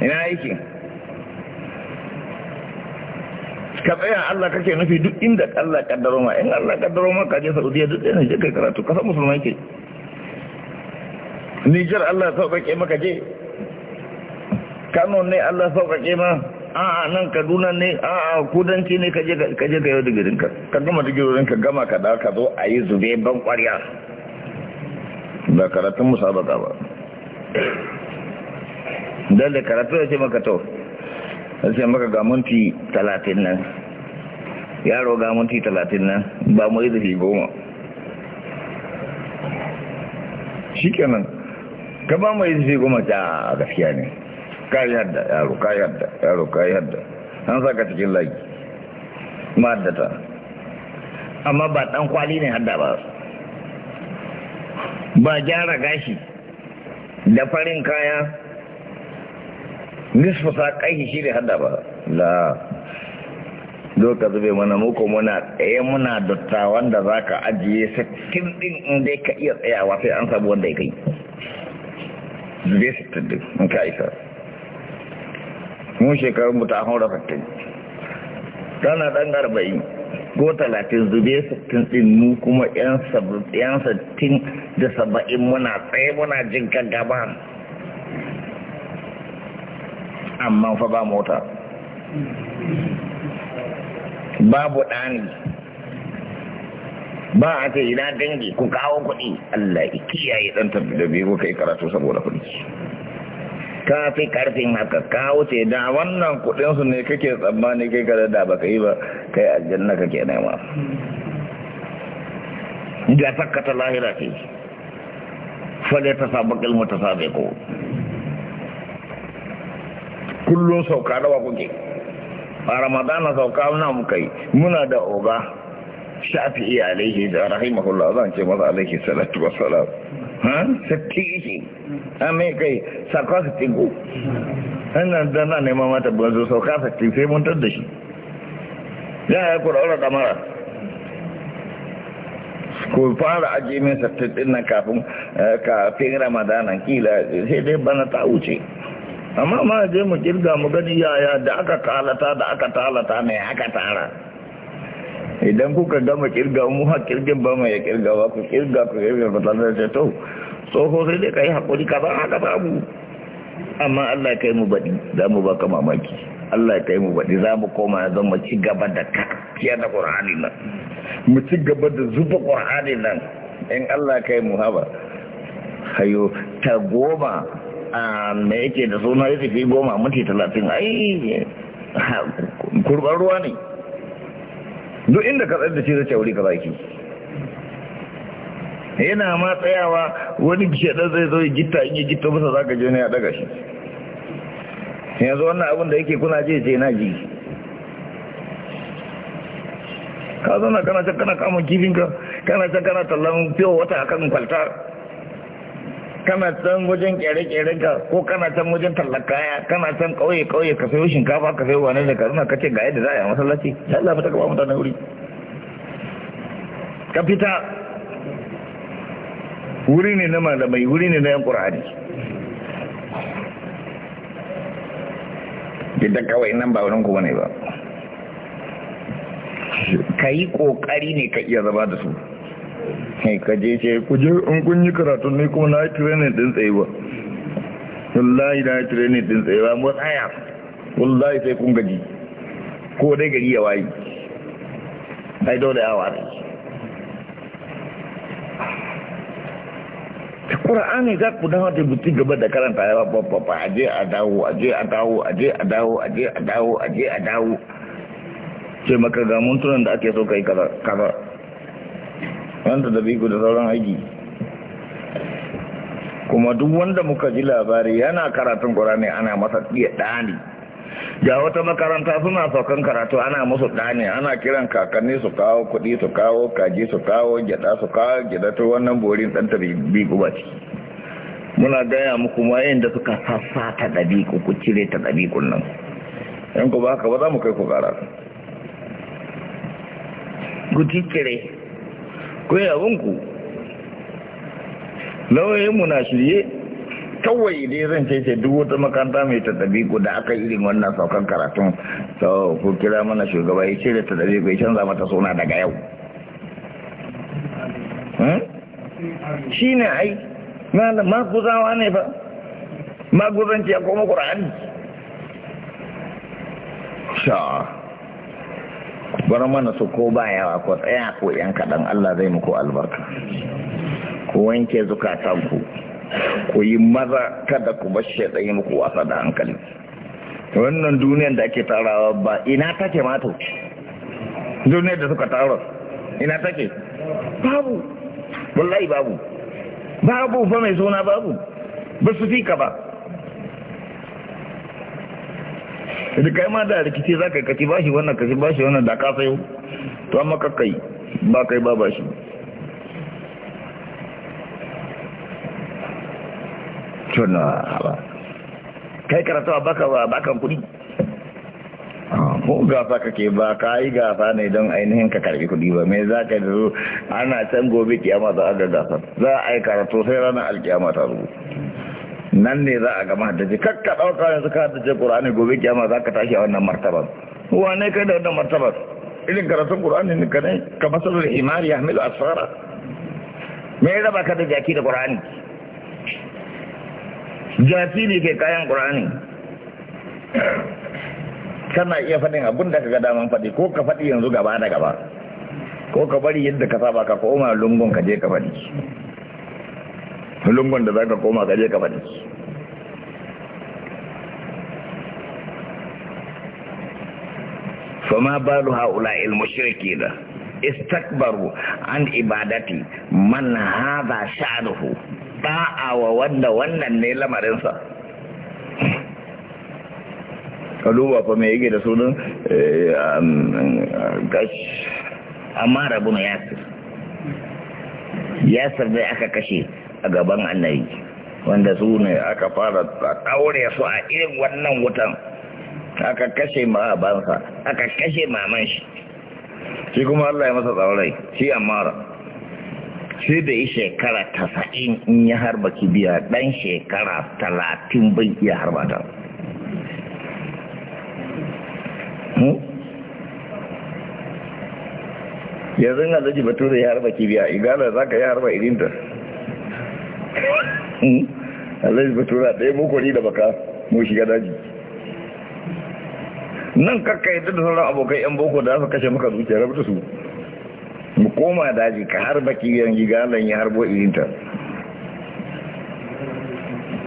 ina aiki ka tsaya Allah kake nufi duk inda Allah kaddaro ma in Allah kaddaro ma ka je Saudiya duk ɗaya ne je kai karatu ka san musulmai ke Nijar Allah sauƙaƙe maka je Kano ne Allah sauƙaƙe ma a'a nan Kaduna ne a'a kudanci ne kaje kaje ka yau digirin ka ka gama digirin ka gama ka dawo ka zo a yi zube ban ƙwarya ba karatun musabaka ba don da karatu ya ce maka to ya ce maka ga minti talatin nan yaro ga minti talatin nan ba mu yi zafi goma shi kenan ka ba mu yi zafi goma ta gaskiya ne Ka yi hadda yaro ka yi hadda yaro ka yi hadda an saka cikin lagi ma haddata amma ba dan kwali ne hadda ba ba gyara gashi da farin kaya nisfu sa kai shi ne hada ba la zo ka zube mana muku muna tsaye muna dattawan da za ka ajiye sittin ɗin in ka iya tsayawa sai an sabu wanda ya kai zube sittin ɗin in ka isa mun shekarun mu ta haura sittin tana ɗan arba'in ko talatin zube sittin ɗin mu kuma yan sittin da saba'in muna tsaye muna jin gaba amma fa ba mota babu ɗani ba a ce ina dangi ku kawo kuɗi Allah ya kiyaye ɗan tabbi da biyu kai karatu saboda kuɗi ka fi karfin haka ka wuce da wannan kudinsu ne kake tsammani kai ka da baka yi ba kai aljanna kake nema da sakata lahira ce fale ta sabakil mutasabiqu Kullum sauka da kuke a ramadana sauka muna mu kai? muna da oga shafi'i alaihi da rahimahullah zan ce masa alaihi salatu wassalam sattishi a kai sakwa sattigo hannun da na neman mata banzo sauka satti sai muntar da shi ya ya kura aure kamara ku fara ajiye min sattiɗin nan kafin kafin ramadana kila sai dai bana ta wuce amma ma je mu kirga mu gani yaya da aka kalata da aka talata ne aka tara idan kuka gama kirga mu ha kirgin ba mai kirga ba ku kirga ku kirga ba tare da to tsoho sai dai kai hakuri ka ba haka mu amma Allah ya kai mu badi za mu ba ka mamaki Allah ya kai mu badi za mu koma ya zama ci gaba da kakkiya da Qur'ani nan mu ci gaba da zuba Qur'ani nan in Allah ya kai mu haba hayo ta goma a me yake da suna yake fi goma minti talatin ai kurban ruwa ne duk inda ka tsar da shi zai ce wuri ka baki yana ma tsayawa wani ɗan zai zo ya gitta in yi gitta masa za ka je ne ya ɗaga shi yanzu wannan abin da yake kuna je sai na ji ka zauna kana can kana kamun kifinka kana can kana tallan fiye wata akan kwaltar kana can wajen kere-kere ka ko kana can wajen tallakaya kaya kana can kauye-kauye ka sayo shinkafa ka sayo wane da karuna ka ce ga yadda za a yi masallaci ya Allah ta kaba mutane wuri ka fita wuri ne na malamai wuri ne na yan ƙur'ani yadda kawai nan ba wurin kuma ne ba ka yi ƙoƙari ne ka iya zaba da su kaje ce ku je in kun yi karatu ne kuma na training din tsayuwa wallahi na training din tsayuwa mu tsaya wallahi sai kun gaji ko dai gari ya wayi ai dole a wari ƙura'ani za ku dawo da buti gaba da karanta ya ba ba ba aje a dawo aje a dawo aje a dawo aje a dawo aje a dawo ce maka ga mun tunan da ake so kai yi kaza wanda da biyu da sauran aiki kuma duk wanda muka ji labari yana karatun ƙorani ana masa iya ɗani ga wata makaranta suna saukan karatu ana musu ɗani ana kiran kakanni su kawo kuɗi su kawo kaji su kawo gyada su kawo gyada ta wannan borin ɗan ta biyu ba ce muna gaya muku yin da suka sassa ta ɗabi ku cire ta ku nan yan ku ba haka ba za mu kai ku ƙara ku cire ku yi abinku lauyoyinmu na shirye kawai dai zan ce ce duk wata makanta mai tattabi ku da aka irin wannan saukan karatun sau ku kira mana shugaba ya ce da tattabi ku ya canza mata suna daga yau hmm? shi ne ai maguzawa ne ba maguzanci ya koma ƙura'ani sha'a bar mana su ko ba yawa ko tsaya ko yan kaɗan Allah zai muku albarka ku wanke zukatanku ku yi maza kada ku bar da yi muku wasa da hankali wannan duniyar da ake tarawa ba ina take mato duniyar da suka tarawa ina take babu wallahi babu babu ba mai suna babu ba su fi ka ba da kai ma da rikici za ka kaci bashi wannan kaci bashi wannan da ka sayo to amma ka kai ba kai ba bashi tuna ba kai karatu ba ka ba kan kudi ko gafa kake ba ka yi gafa ne don ainihin ka karbi kudi ba me za ka zo ana can gobe kiyama za a ga gafa za a yi karatu sai ranar alkiyama ta rubuta nan ne za a gama haddace kakka ɗauka yanzu ka haddace qur'ani gobe kiyama za ka tashi a wannan wa ne kai da wannan martaba irin karatun qur'ani ne ka ne ka masarar imari ya hamilu asfara me ya raba ka da jaki da qur'ani jaki ne ke kayan ƙur'ani kana iya faɗin abin da ka ga daman faɗi ko ka faɗi yanzu gaba da gaba ko ka bari yadda ka saba ka koma lungun ka je ka faɗi lungun da za ka koma ka je ka faɗi فما بال هؤلاء المشركين استكبروا عن عبادتي من هذا شأنه طاعة ووند وند نيل مرنسا قالوا فما يجي رسول أمار بن ياسر ياسر dai aka كشي أقبان gaban annabi wanda su ne aka fara ɗaure su a irin wannan wutan aka kashe ma'abansa aka kashe maman shi shi kuma Allah ya masa tsaurai shi amara Shi da yi shekara tasa'in in ya harba kibiya ɗan shekara talatin bai iya harba ta hmm? yanzu na zaji bature ya harba kibiya igala za ka yi harba irinta hmm? alaji batura ɗaya bukuri da baka mu shiga daji nan kakka yadda da sauran abokai yan boko da aka kashe maka zuciya rabu da su mu koma daji ka har baki yan gigalan ya harbo irinta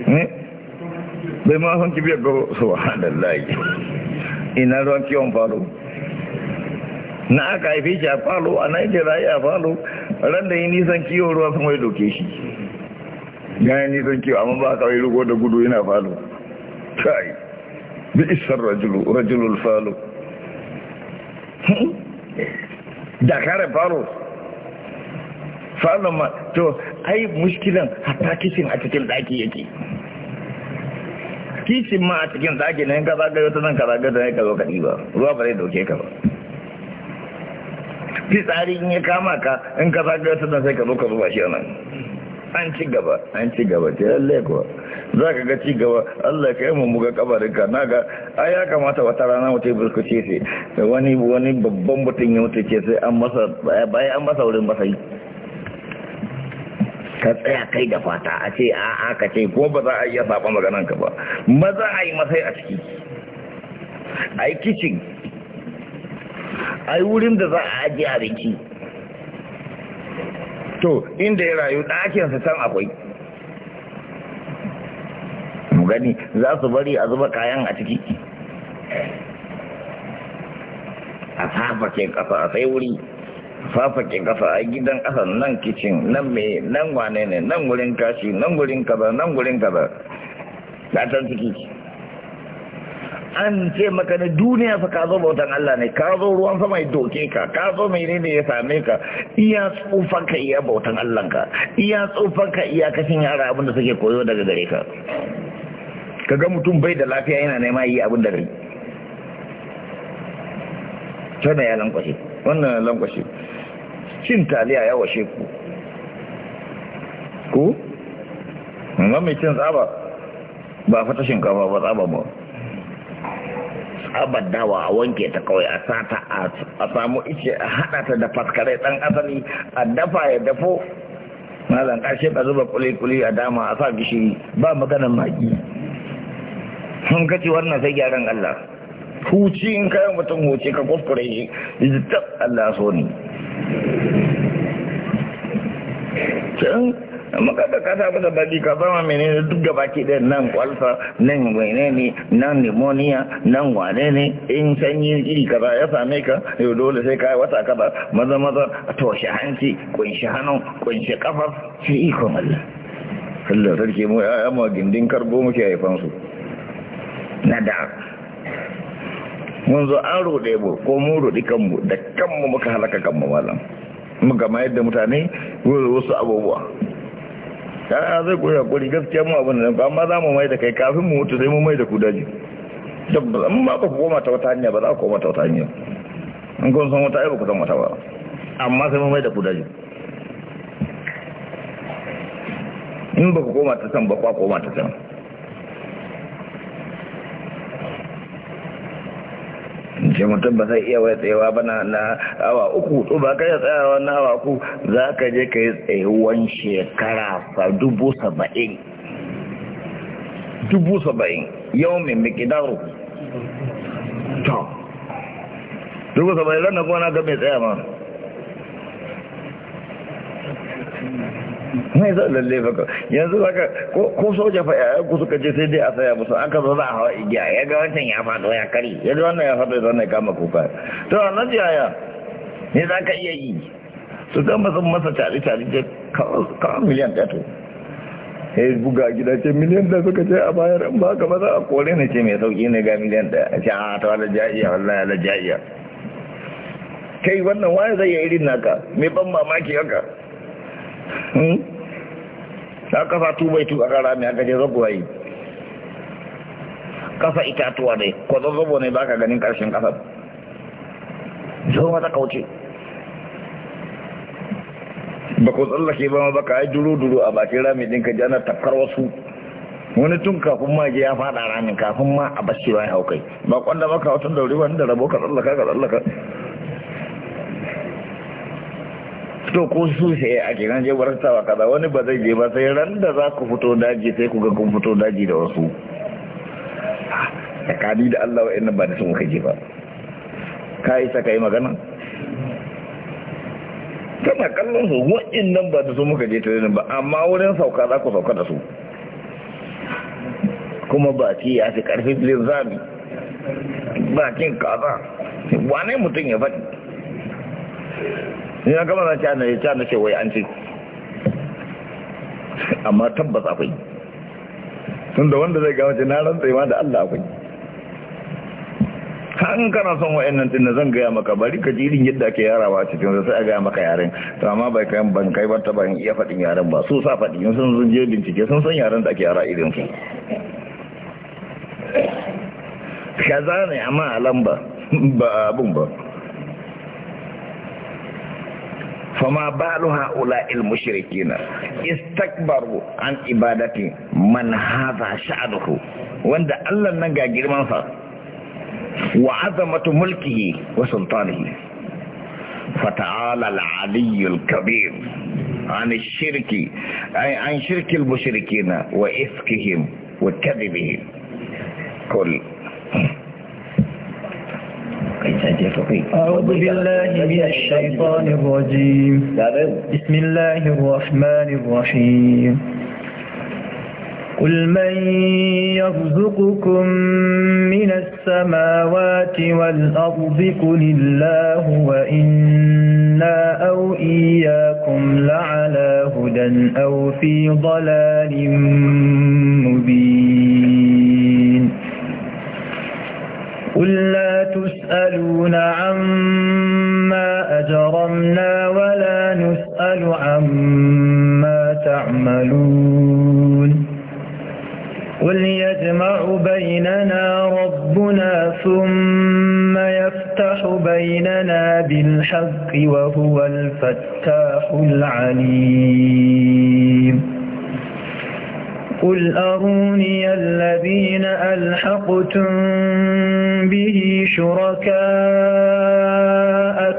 hmm? bai ma san kibiyar gaba su layi ina ruwan kiwon falo na aka haife shi a falo a nan yake rayu a falo ran da yi nisan kiwon ruwa sun wai doke shi ya yi nisan kiwon amma ba kawai rugo da gudu yana falo kai bi rajulu rajulul falo dakare falo falon ma to ai muskilan hatta kishin a cikin daki yake kishin ma a cikin daki na ga zagayo ta nan ka zagayo ta yanka zo ba ruwa ba zai dauke ka ba fi tsari in ya kama ka in ka zagaya ta nan sai ka zo ka zuba shi a nan an ci gaba an ci gaba ta lalle kuwa za ka ga ci gaba Allah ka yi mummu ga kabarinka na ga a ya kamata wata rana mutum bulkuce sai wani wani babban mutum ya mutu ce sai an masa bayan an masa wurin masai ka tsaya kai da fata a ce a aka ce ko ba za a iya saba maganan ka ba za a yi masai a ciki a yi kicin a yi wurin da za a ajiye abinci to inda ya rayu ɗakinsa can akwai gani za su bari a zuba kayan a ciki a fafake ƙasa a sai wuri fafake ƙasa a gidan ƙasa nan kicin nan mai nan wane ne nan wurin kashi nan wurin kaza nan wurin kaza ɗatan can ciki an ce maka na duniya fa ka zo bautan Allah ne ka zo ruwan sama ya doke ka ka zo menene ya same ka iya tsufan ka iya bautan Allah ka iya tsufan ka iya kashin yara abin da suke koyo daga gare ka Ka ga mutum bai da lafiya yana nema yi abin da rai tana ya lankwashe wannan ya lankwashe cin taliya ya washe ku ku? Mamma mai cin tsaba ba fata shinkafa ba tsaba ba Abad dawa a wanke ta kawai a sata a samu ice a haɗa ta da faskare ɗan asali a dafa ya dafo malam ƙarshe ka zuba kuli-kuli a dama a sa gishiri ba maganan maki sun kaci wannan sai gyaran Allah huci in kayan mutum huci ka kuskure shi zitab Allah so ne maka kaga ka saba da baki ka zama menene duk da baki ɗin nan kwalfa nan wene ne nan pneumonia nan wane ne in sanyi iri kaza ya same ka yau dole sai ka yi wata kaza maza maza toshe hanci kunshi hannu kunshi kafar sai ikon Allah Allah sarki mu ya ma gindin karbo muke haifan su na da mun zo an ruɗe mu ko mun ruɗi kanmu da kanmu muka halaka kanmu malam muka mayar da mutane wasu abubuwa kana zai koya kuri gaskiya mu abin nan amma za mu mai da kai kafin mu mutu sai mu mai da ku daji tabbas amma ba ku koma ta wata hanya ba za ku koma ta wata hanya in kun san wata ai ba ku san wata ba amma sai mu mai da ku daji in ba ku koma ta san ba ku koma ta san ce mutum ba zai iya wai tsayawa ba na awa uku to ba kai tsayawa na awa uku za ka je ka yi tsayuwan shekara fa dubu saba'in dubu saba'in yau mai mikidaru to dubu saba'in ranar kuma na ga mai tsaya ma mai zan lalle yanzu baka ko soja fa yaya ku suka je sai dai a saya musu an ka zo za a hawa igiya ya ga wancan ya faɗo ya kari ya ji wannan ya faɗo ya zana ya kama kuka to a nan yaya ne za ka iya yi su kan masu masa tare tare je kawai miliyan ɗaya to ya buga gida ce miliyan da suka ce a bayar an ba ka ba za a kore ne ce mai sauki ne ga miliyan ɗaya a ce a ta wala ja'iya wallahi ala ja'iya kai wannan waye zai yi irin naka mai ban mamaki haka ta kafa tubai a kara mai aka je yi. kafa itatuwa dai zobo ne ba ka ganin karshen kasar zo ta kauce ba ku tsallake ba ma baka yi duru-duru a bakin rami din ka jana tafkar wasu wani tun kafin ma ya fada ramin kafin ma a bashi ya haukai ba kwanda ba ka wata wani da rabo ka tsallaka ka tsallaka to ko su sai a kenan je wartawa kaza wani ba zai je ba sai ran da za ku fito daji sai ku ga kun fito daji da wasu kadi da Allah inna ba da sun kaje je ba ka sa ka yi magana kana kallon su wa'annan ba da sun muka je tare ba amma wurin sauka za ku sauka da su kuma baki ya fi karfi zami, bakin kaza wane mutum ya faɗi ni an gama na ci ana ya ci ce wai an ci amma tabbas akwai tun da wanda zai gama ce na rantsa ma da Allah akwai kan kana son tun tunan zan gaya maka bari ka jirin yadda ake yarawa cikin sai a gaya maka yaren to amma bai kayan ban kai ba ta ban iya faɗin yaren ba su sa faɗi sun sun je bincike sun san yaren da ake yara irin su kaza ne amma a lamba ba abun ba فما بال هؤلاء المشركين استكبروا عن عبادة من هذا شأنه وند الله نجا جرمانسا وعظمة ملكه وسلطانه فتعالى العلي الكبير عن الشرك أي عن شرك المشركين وإفكهم وكذبهم قل أعوذ بالله من الشيطان الرجيم بسم الله الرحمن الرحيم قل من يرزقكم من السماوات والأرض قل الله وإنا أو إياكم لعلى هدى أو في ضلال مبين قل لا تسألون عما أجرمنا ولا نسأل عما تعملون قل يجمع بيننا ربنا ثم يفتح بيننا بالحق وهو الفتاح العليم قل أروني الذين ألحقتم به شركاء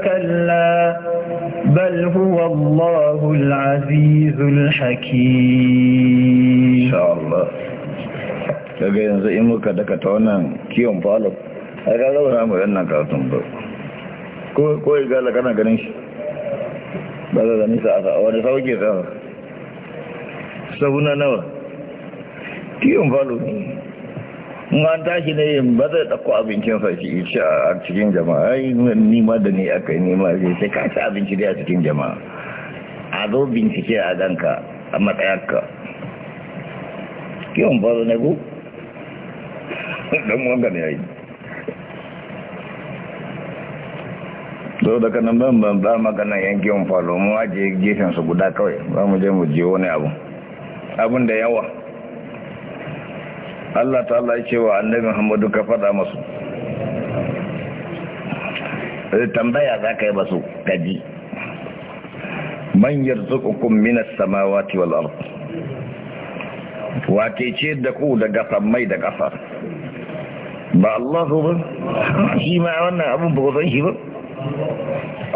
كلا بل هو الله العزيز الحكيم إن شاء الله daga yanzu in muka daga ta wannan kiyon falo a ga zauna mu yana karatun ba ko ko igala kana ganin shi ba za da nisa a wani sauke sa sabuna nawa kiyon falo ne in an tashi ne ba zai ɗauko abincin fashi ci a cikin jama'a ai nima da ne aka yi zai sai ka ci abinci dai a cikin jama'a a zo bincike a ganka a matsayarka kiyon falo ne ku don wanga ne yi. sau da kanan ban ba magana yankin falo mu ajiye gefen su guda kawai ba mu je mu je wani abu abun da yawa Allah ta'ala ya ce wa annabi Muhammadu ka faɗa masu eh, tambaya za yi basu gaji man yarzuqukum minas samawati wal ard wa ke ce da ku daga sammai da ƙasa ba Allah ba shi ma wannan abun ba ku san shi ba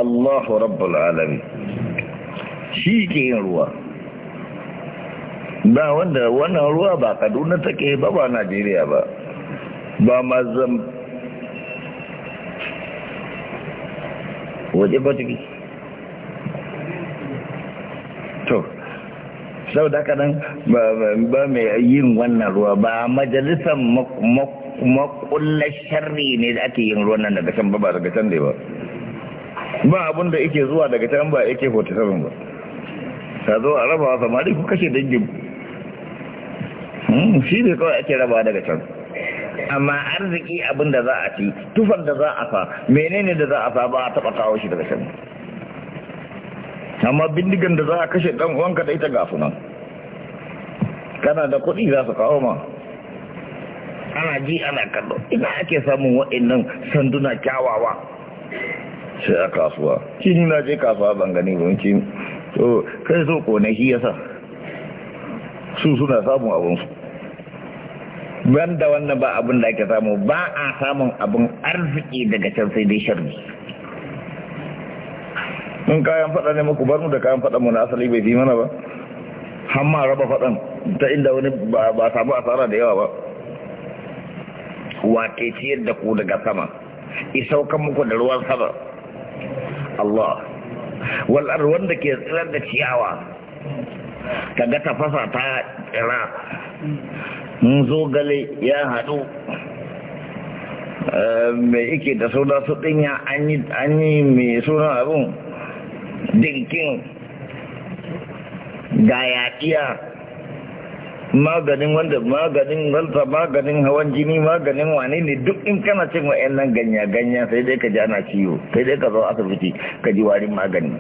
Allahu rabbul alamin shi ke yin ruwa ba wanda wannan ruwa ba kaduna take ba ba najeriya ba ba mazam waje ba ciki to sau da kanan ba mai yin wannan ruwa ba majalisar makullar shari ne da ake yin ruwan nan daga can ba ba daga can ne ba ba abinda ake zuwa daga can ba yake 47 ba ta zo a wa samari ku kashe dangin Hmm, shi ne kawai ake rabawa daga can amma arziki abin da za a ci tufar da za a fa menene da za a fa ba a taba kawo shi daga can amma bindigan da za a kashe ɗan ka da ita gafu kana da kuɗi za su kawo ma ana ji ana kallo ina ake samun waɗannan sanduna kyawawa sai a kasuwa shi ni na je kasuwa ban gani ba kai so ko na shi yasa su suna samun abinsu da wannan ba abin da ake samu ba a samun abin arziki daga can sai dai sharri in kayan fada ne muku barnu da kayan fada mu na asali bai fi mana ba Hamma raba fadan ta inda wani ba samu asara da yawa ba wake ciyar da ku daga sama isaukan muku da ruwan sama Allah wal'ar wanda ke tsirar da ciyawa kaga tafasa ta tsira zo zogale ya haɗu eh, mai ike da suna su ɗinya an yi mai suna abin dinkin ga yaƙiya maganin wanda maganin walta maganin hawan jini maganin wani ne duk in kana cin wa wa'annan ganya ganya sai dai ka jana ciwo sai dai ka zo asibiti ka ji warin magani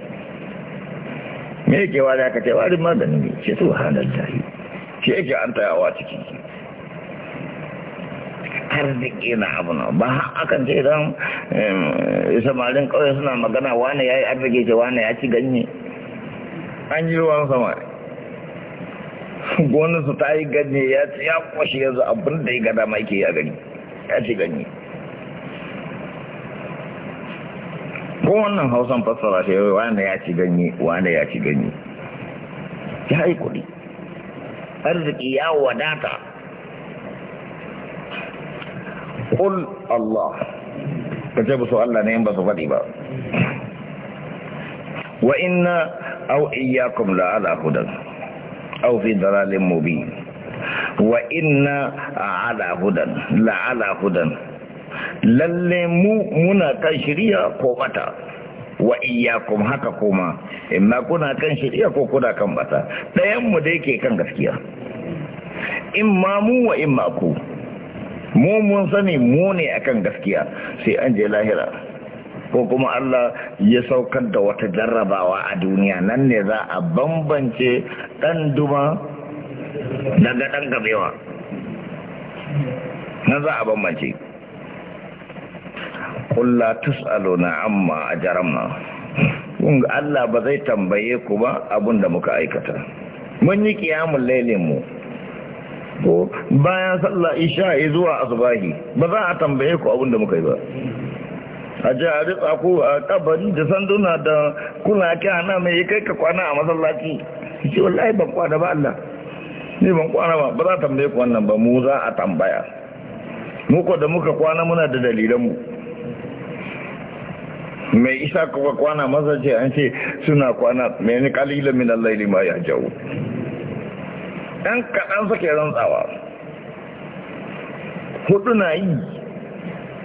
me yake wari aka ce warin magani ne ce su hannun tahi ce yake an tayawa ciki arziki na abu na ba akan ce don samarin kawai suna magana wane ya yi arziki ce wane ya ci ganye an yi ruwan sama gonin su ta yi ganye ya ci ya kwashe yanzu abin da ya gada ma ke ya gani ya ci ganye ko wannan hausan fassara ce wane ya ci ganye wane ya ci ganye ya yi kuɗi arziki ya wadata kul Allah ka ce busu Allah ne in ba su faɗi ba wa inna au iyakum la ala hudan au fi dalalin mubin wa inna ala hudan la hudan lalle mu muna kan shiriya ko wa iyakum haka koma? imma kuna kan shiriya ko kuna kan bata dayan mu dai ke kan gaskiya imma mu wa imma ku mu mun sani mu ne akan gaskiya sai an je lahira ko kuma Allah ya saukar da wata jarrabawa a duniya nan ne za a bambance ɗan duma daga ɗan gabewa nan za a bambance kulla tus'aluna amma a jaramna. kun Allah ba zai tambaye ku ba abin da muka aikata mun yi kiyamun lailin mu ko bayan sallah isha zuwa asubahi ba za a tambaye ku abin da muka yi ba a ji a ritsa ko a kabari da sanduna da kuna kyana mai kai ka kwana a masallaci ce wallahi ban kwana ba Allah ne ban kwana ba ba za tambaye ku wannan ba mu za a tambaya mu ko da muka kwana muna da dalilanmu mai isa kuka kwana masa ce an ce suna kwana mai ni kalilan min Allah ma ya jawo ɗan kaɗan suke rantsawa hudu na yi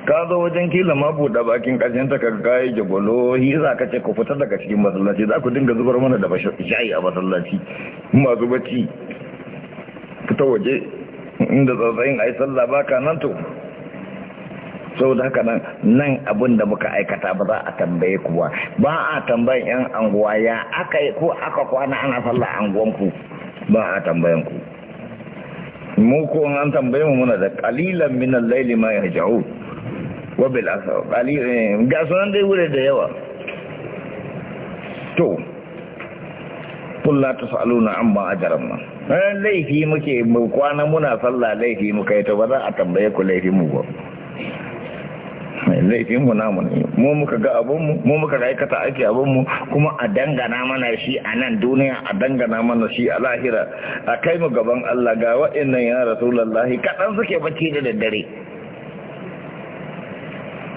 ka zo wajen kila ma buɗa bakin ƙarshen ta ka kayi jagwalo za ka ce ku fita daga cikin masallaci za ku dinga zubar mana da shayi a masallaci masu bacci fita waje inda tsatsayin a yi sallah ba ka nan to sau da haka nan nan abin da muka aikata ba za a tambaye kuwa ba ba a tambayin 'yan anguwa ya aka yi ko aka kwana ana sallah anguwanku ba a tambayan ku mu ko an tambaye mu muna da qalilan min al-layli ma yahja'u wa bil asr qalilan eh, ga sunan dai wure da yawa to qul la tasaluna amma ajramna eh, laifi muke mu kwana muna sallah laifi muke to ba za a tambaye ku laifi mu ba laifinmu mu namu ne mu muka ga abun mu mu muka aikata ake abun mu kuma a dangana mana shi a nan duniya a dangana mana shi a lahira a kai mu gaban Allah ga wa'annan ya rasulullahi kadan suke bacci da daddare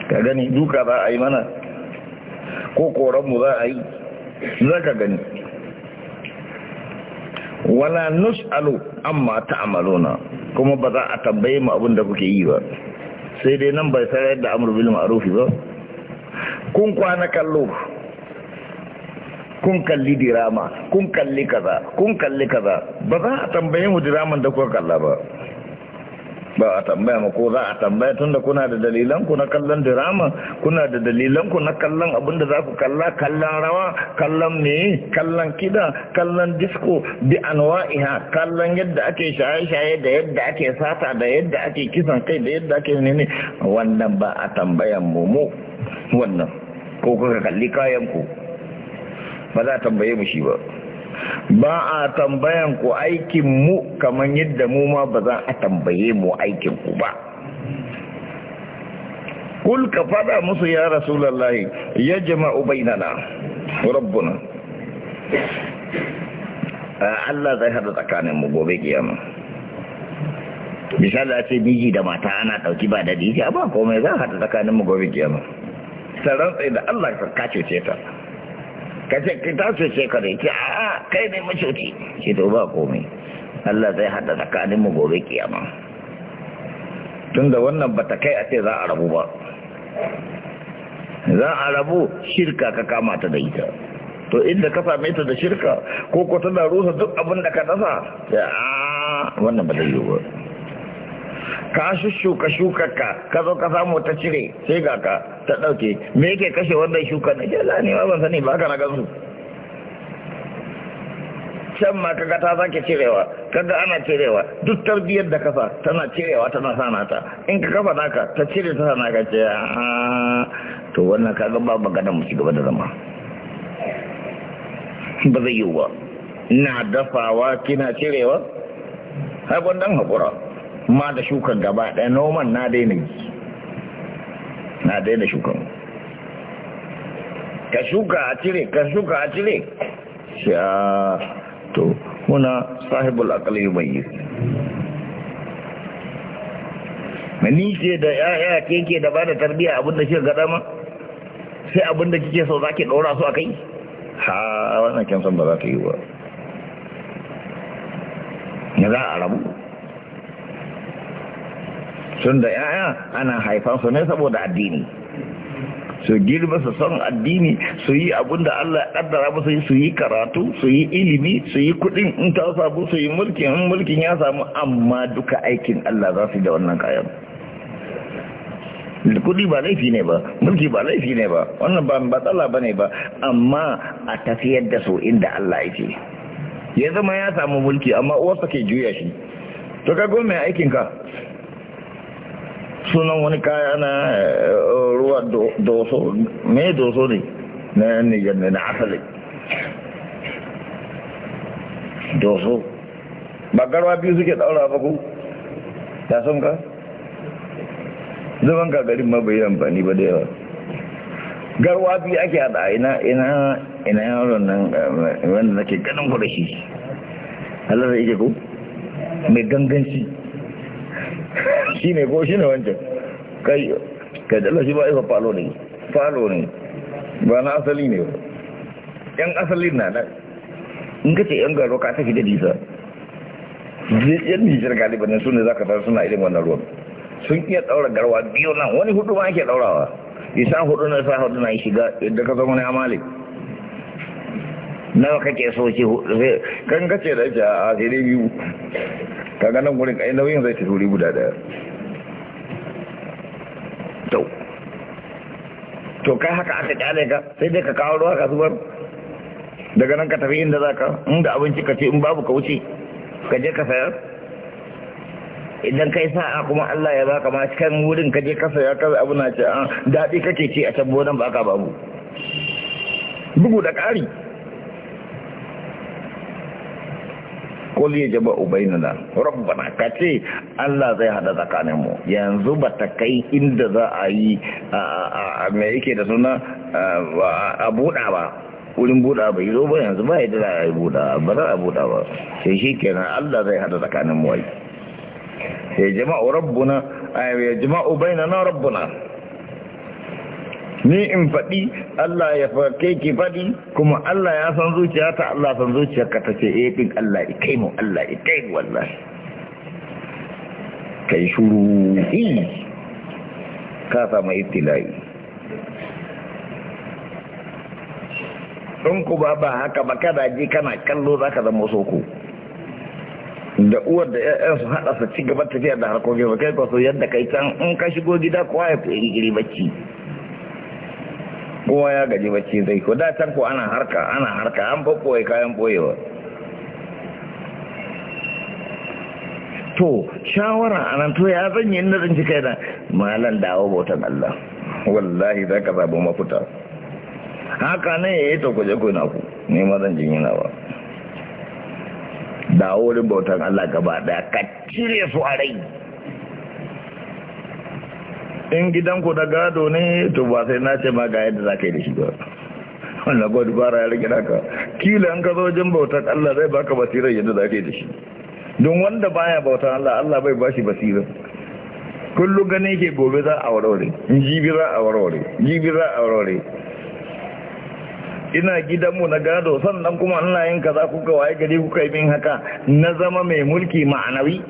ka gani duka za a yi mana ko koran mu za a yi za ka gani wala nus'alu amma ta'maluna kuma ba za a tambaye mu abin da kuke yi ba sai dai nan bai sayar da amur bil ma'ruf ba kun kwana kallo kun kalli dirama kun kalli kaza kun kalli kaza ba za a tambaye mu diraman da kuka kalla ba ba a tambaya ma ko za a tambaya tunda kuna da dalilan ku na kallon drama kuna da dalilan ku na kallon abin da za ku kalla kallon rawa kallon me kallon kida kallon disco bi anwa'iha kallon yadda ake shaye-shaye da yadda ake sata da yadda ake kisan kai da yadda ake nene wannan ba a tambayan mu mu wannan ko kuka kalli kayan ku ba za a tambaye mu shi ba ba a tambayan ku aikin mu kamar yadda mu ma ba za a tambaye mu aikin ku ba kul ka fada musu ya rasulullahi ya jama'u bainana rabbuna Allah zai hada tsakanin mu gobe kiyama misali a ce miji da mata ana dauki ba da dija ba komai za a hada tsakanin mu gobe kiyama saran da Allah ka kace ce ta ka ce ki ta ce ka ki a kai ne macuci shi to ba komai Allah zai hada mu gobe kiyama tun da wannan bata kai a ce za a rabu ba za a rabu shirka ka kama ta da ita to inda ka same ta da shirka ko ko tana rusa duk abin da ka dasa ya wannan ba zai yi ba ka shushuka shukarka ka zo ka samu ta cire sai ga ka ta ɗauke me yake kashe wannan shukar na jela ne ba sani ba ka na gansu can ma kaga ta sake cirewa kaga ana cirewa duk tarbiyyar da kafa tana cirewa tana sana ta in ka kafa naka ta cire ta sana ka ce to wannan kaga ba magana mu ci gaba da zama ba zai yiwu ba na dafawa kina cirewa har wannan haƙura ma da shukan gaba ɗaya noman na daina yi na daina shukan ka shuka a cire ka shuka a cire shi a ah, to muna sahibul akali mai yi mani ce da yaya ke ke da ba da tarbiya abinda shi ga dama sai abinda kike so zaki ɗora su a kai ha wannan kyan san ba za ta yi ba ya za a rabu sun da ‘ya'ya ana su ne saboda addini su girma su son addini su yi abin da Allah ya kaddara musu su yi karatu su yi ilimi su yi kudin in ta samu su yi mulki in mulkin ya samu amma duka aikin Allah za su da wannan kayan kuɗi ba laifi ne ba mulki ba laifi ne ba wannan ba matsala ba ne ba amma a tafiyar da su inda Allah yake ya zama ya samu mulki amma uwarsa ke juya shi to ka gome aikinka sunan wani kaya na eh, ruwa doso me doso ne na yan nijar ne na asali doso ba garwa biyu suke daura ba ku ta sun ka zaman gagarin ma bai amfani ba da yawa garwa biyu ake hada ina ina ina yaron nan eh, wanda nake ganin kudashi da shi Allah zai ije ku mai ganganci shi ne ko shi ne wancan kai kai dala shi ba ifa falo ne falo ne ba na asali ne ba yan asali na na. in ka ce yan garo ka tafi da nisa yan nijar galiba ne su ne za ka fara suna irin wannan ruwan sun iya daura garwa biyu nan wani hudu ma ake daurawa isa hudu na sa hudu na shiga yadda ka zama ne amali nawa kake so shi hudu kan kace da ake a asiri biyu kaga nan gurin kai nauyin zai ta wuri guda daya to to kai haka aka kyale ka sai dai ka kawo ruwa ka zubar daga nan ka tafi inda za ka inda abinci ka ce in babu ka wuce ka je ka sayar idan kai sa'a kuma Allah ya baka ma cikin wurin ka je ka sayar ka abu na ce ah, daɗi kake ce a can bonan ba ka babu bugu da ƙari kul ya jaba ubainana rabbana kace Allah zai hada tsakanin mu yanzu ba ta kai inda za a yi me yake da suna a buɗa ba wurin buɗa yi zo ba yanzu ba yadda za a yi buɗa ba za a buɗa ba sai shi kenan Allah zai hada tsakanin mu wai ya jama'u rabbuna ya jama'u bainana rabbuna ni in faɗi Allah ya fake ki faɗi kuma Allah ya san zuciya ta Allah san zuciya ka ta ce eh din Allah ya kai mu Allah ya kai mu wallahi kai shuru ka samu ibtilai don ku ba haka ba kada ji kana kallo zaka zama soko da uwar da ƴaƴan su haɗa su ci gaba tafiya da harkokin ba kai ko so yadda kai can in ka shigo gida kowa ya fi giri bacci kowa ya gaji bacci zai ko da can ko ana harka ana harka an faɓoye kayan boyewa. to shawara a nan to ya zanyi inda zan ci kai da malan dawo bautan Allah wallahi za ka zaɓi mafuta haka ne ya eh, yi ta kuje ku na ku ne ma zan jin yana ba dawo wurin bautan Allah gaba ɗaya ka cire su a rai in gidanku da gado ne to ba sai na ce ma ga yadda za ka yi da shi ba wannan gwada gwara ya rike naka kila an ka zo wajen bautar Allah zai baka basirar yadda za ka yi da shi don wanda baya bauta Allah Allah bai bashi basirar kullum gane ke gobe za a warware jibi za a warware jibi za a warware ina gidanmu na gado sannan kuma Allah yin kaza kuka waye gari kuka yi min haka na zama mai mulki ma'anawi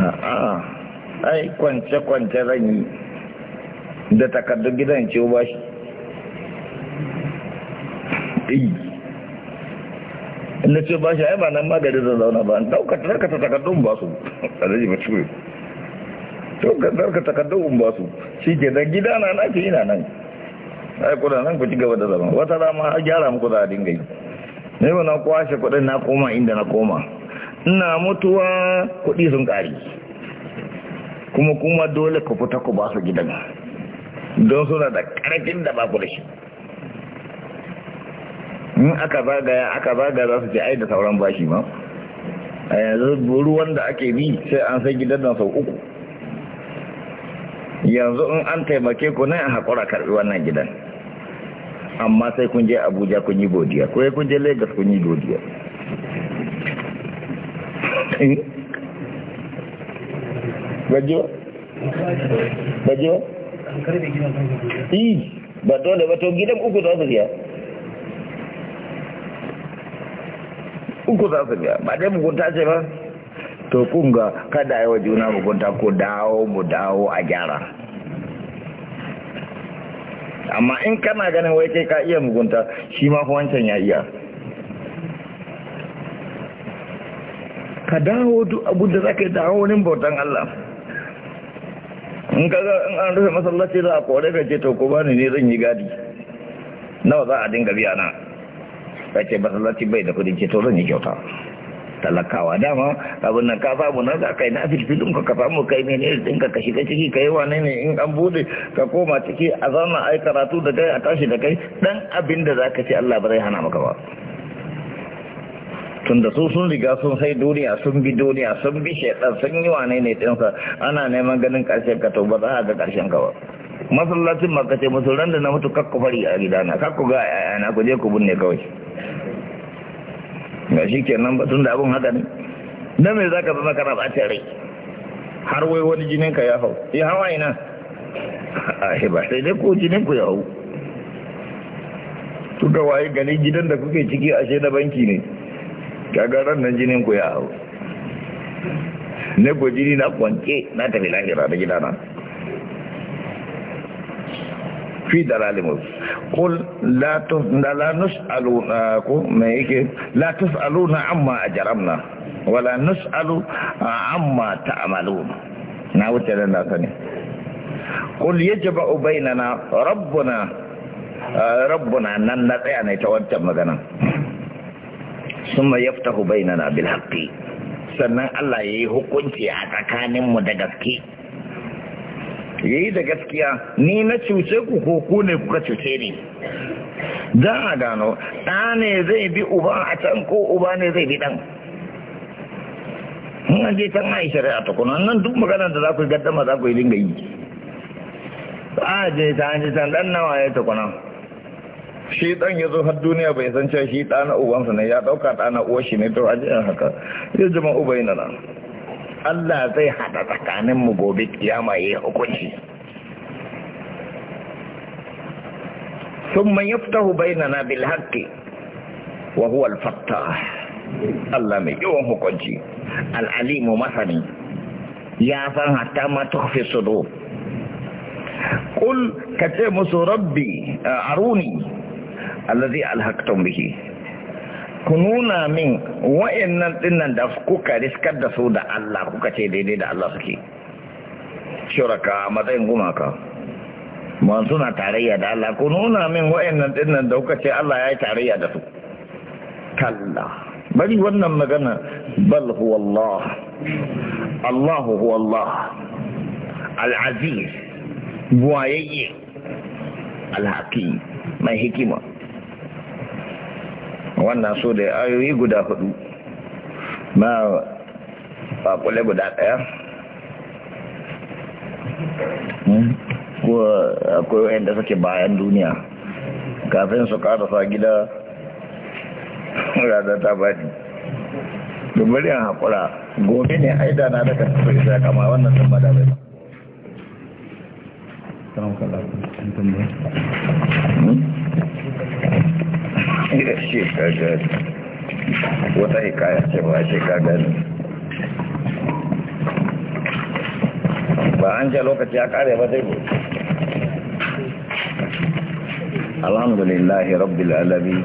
a'a ai kwance-kwance zan yi da takardun gidan ce ba shi inda ce ba shi ai ba nan gari zan zauna ba an ɗaukata takardun ba su a zai ba ciwo ɗaukata takardun ba su shi ke da gida na na fi ina nan ai kuna nan ku ci gaba da zama wata dama har gyara muku za a dinga yi ne ba na kwashe kudin na koma inda na koma ina mutuwa kuɗi sun ƙari kuma kuma dole ka fita ku ba su gidan don suna da ƙarfin da ba ku da shi in aka zagaya aka zagaya za su ce ai da sauran bashi ma a yanzu ruwan da ake bi sai an sai gidan nan sau uku yanzu in an taimake ku na haƙura karɓi wannan gidan amma sai kun je abuja kun yi godiya ko kun je lagos kun yi godiya eh? bajiwa bajiwa yi ba dole ba to gidan uku za su uku za su ba dai mugunta ce ba to kunga kada yawa juna mugunta ko dawo mu dawo a gyara amma in kana ganin wai kai ka iya mugunta shi ma fa wancan ya iya ka dawo duk za ka yi dawo wurin bautan Allah in kaga in an rufe masallaci za a kore ka ce to ko bani ne zan yi gadi nawa za a dinga biya na ce masallaci bai da kudin ce to zan yi kyauta talakawa dama abin nan ka samu na za ka na filfilin ka ka samu kai ne dinka ka shiga ciki ka yi wane ne in an bude ka koma ciki a a ai karatu da kai a tashi da kai dan abin da za ka ce Allah ba zai hana maka ba tunda su sun riga sun sai duniya sun bi duniya sun bi shaitan sun yi wane ne ɗinsa ana neman ganin ƙarshen ka to ba za a ga ƙarshen ka ba masallacin makace musulun da na mutu kakku fari a gidana kakku ga yana ku je ku binne kawai ga shi kenan ba tun da abin haka ne na me za ka zama kana ɓacin rai har wai wani jinin ka ya hau ya hawa ina a ba sai dai ku jinin ku ya hau tuka waye ganin gidan da kuke ciki ashe na banki ne gagarar nan jinin ku ya hau ku jini na kwanke na tafi lahira da gidana fi dalalimus kul latus aluna ko mai yake latus aluna amma jaramna wala nus'alu amma ta'maluna na wuce da na sani kul yajma'u na rabbuna rabbuna nan na tsaya ne ta wancan magana Suma ya yaftahu bainana bil haqqi sannan Allah yi hukunci a tsakaninmu da gaske Ya yi da gaskiya ni na cuce ku ko ku ne kuka cuce ni dan a gano ɗa ne zai bi uba a can ko uba ne zai bi ɗan in an je can yi shari'a ta kuna nan duk maganar da za ku yi gaddama za ku yi dinga yi ba a je ta an je can ɗan nawa ya ta kuna shi dan yazo har duniya bai san cewa shi dan ubansa ne ya dauka dan uwar shi ne to a haka ya jama ubaina na Allah zai hada tsakanin mu gobe kiyama yayin hukunci thumma yaftahu bainana bil haqqi wa huwa al fattah Allah mai yawan hukunci al alim masani ya san hatta ma tukhfi sudur قل كتاب ربي Aruni. allazi alhaqtum bihi kununa min wa'annan dinnan da kuka riskar da su da Allah kuka ce daidai da Allah suke shuraka matsayin gumaka man suna tarayya da Allah kununa min wa'annan dinnan da kuka ce Allah ya tarayya da su kalla bari wannan magana bal huwa Allah Allah huwa Allah al-aziz buwayayye al-hakim mai hikima wannan su da ayoyi guda hudu na fakule guda daya hmm? akwai wayanda suke bayan duniya kafin su karasa gida *laughs* rada ta bani dubbari an haƙura gobe ne aida na daga su isa kama wannan sun bada bai ba ya ce ka gani wata hikaya ce ba shi ka gani ba an ce lokaci ya kare ba zai gobe alhamdulillahi rabbil alamin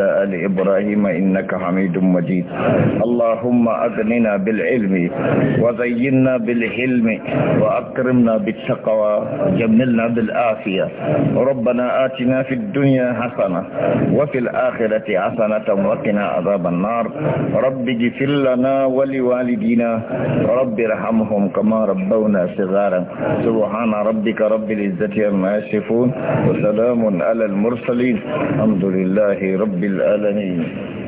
آل إبراهيم إنك حميد مجيد اللهم أغننا بالعلم وزينا بالحلم وأكرمنا بالتقوى جملنا بالآفية ربنا آتنا في الدنيا حسنة وفي الآخرة حسنة وقنا عذاب النار رب اغفر لنا ولوالدينا رب ارحمهم كما ربونا صغارا سبحان ربك رب العزة عما يصفون وسلام على المرسلين الحمد لله رب الألمين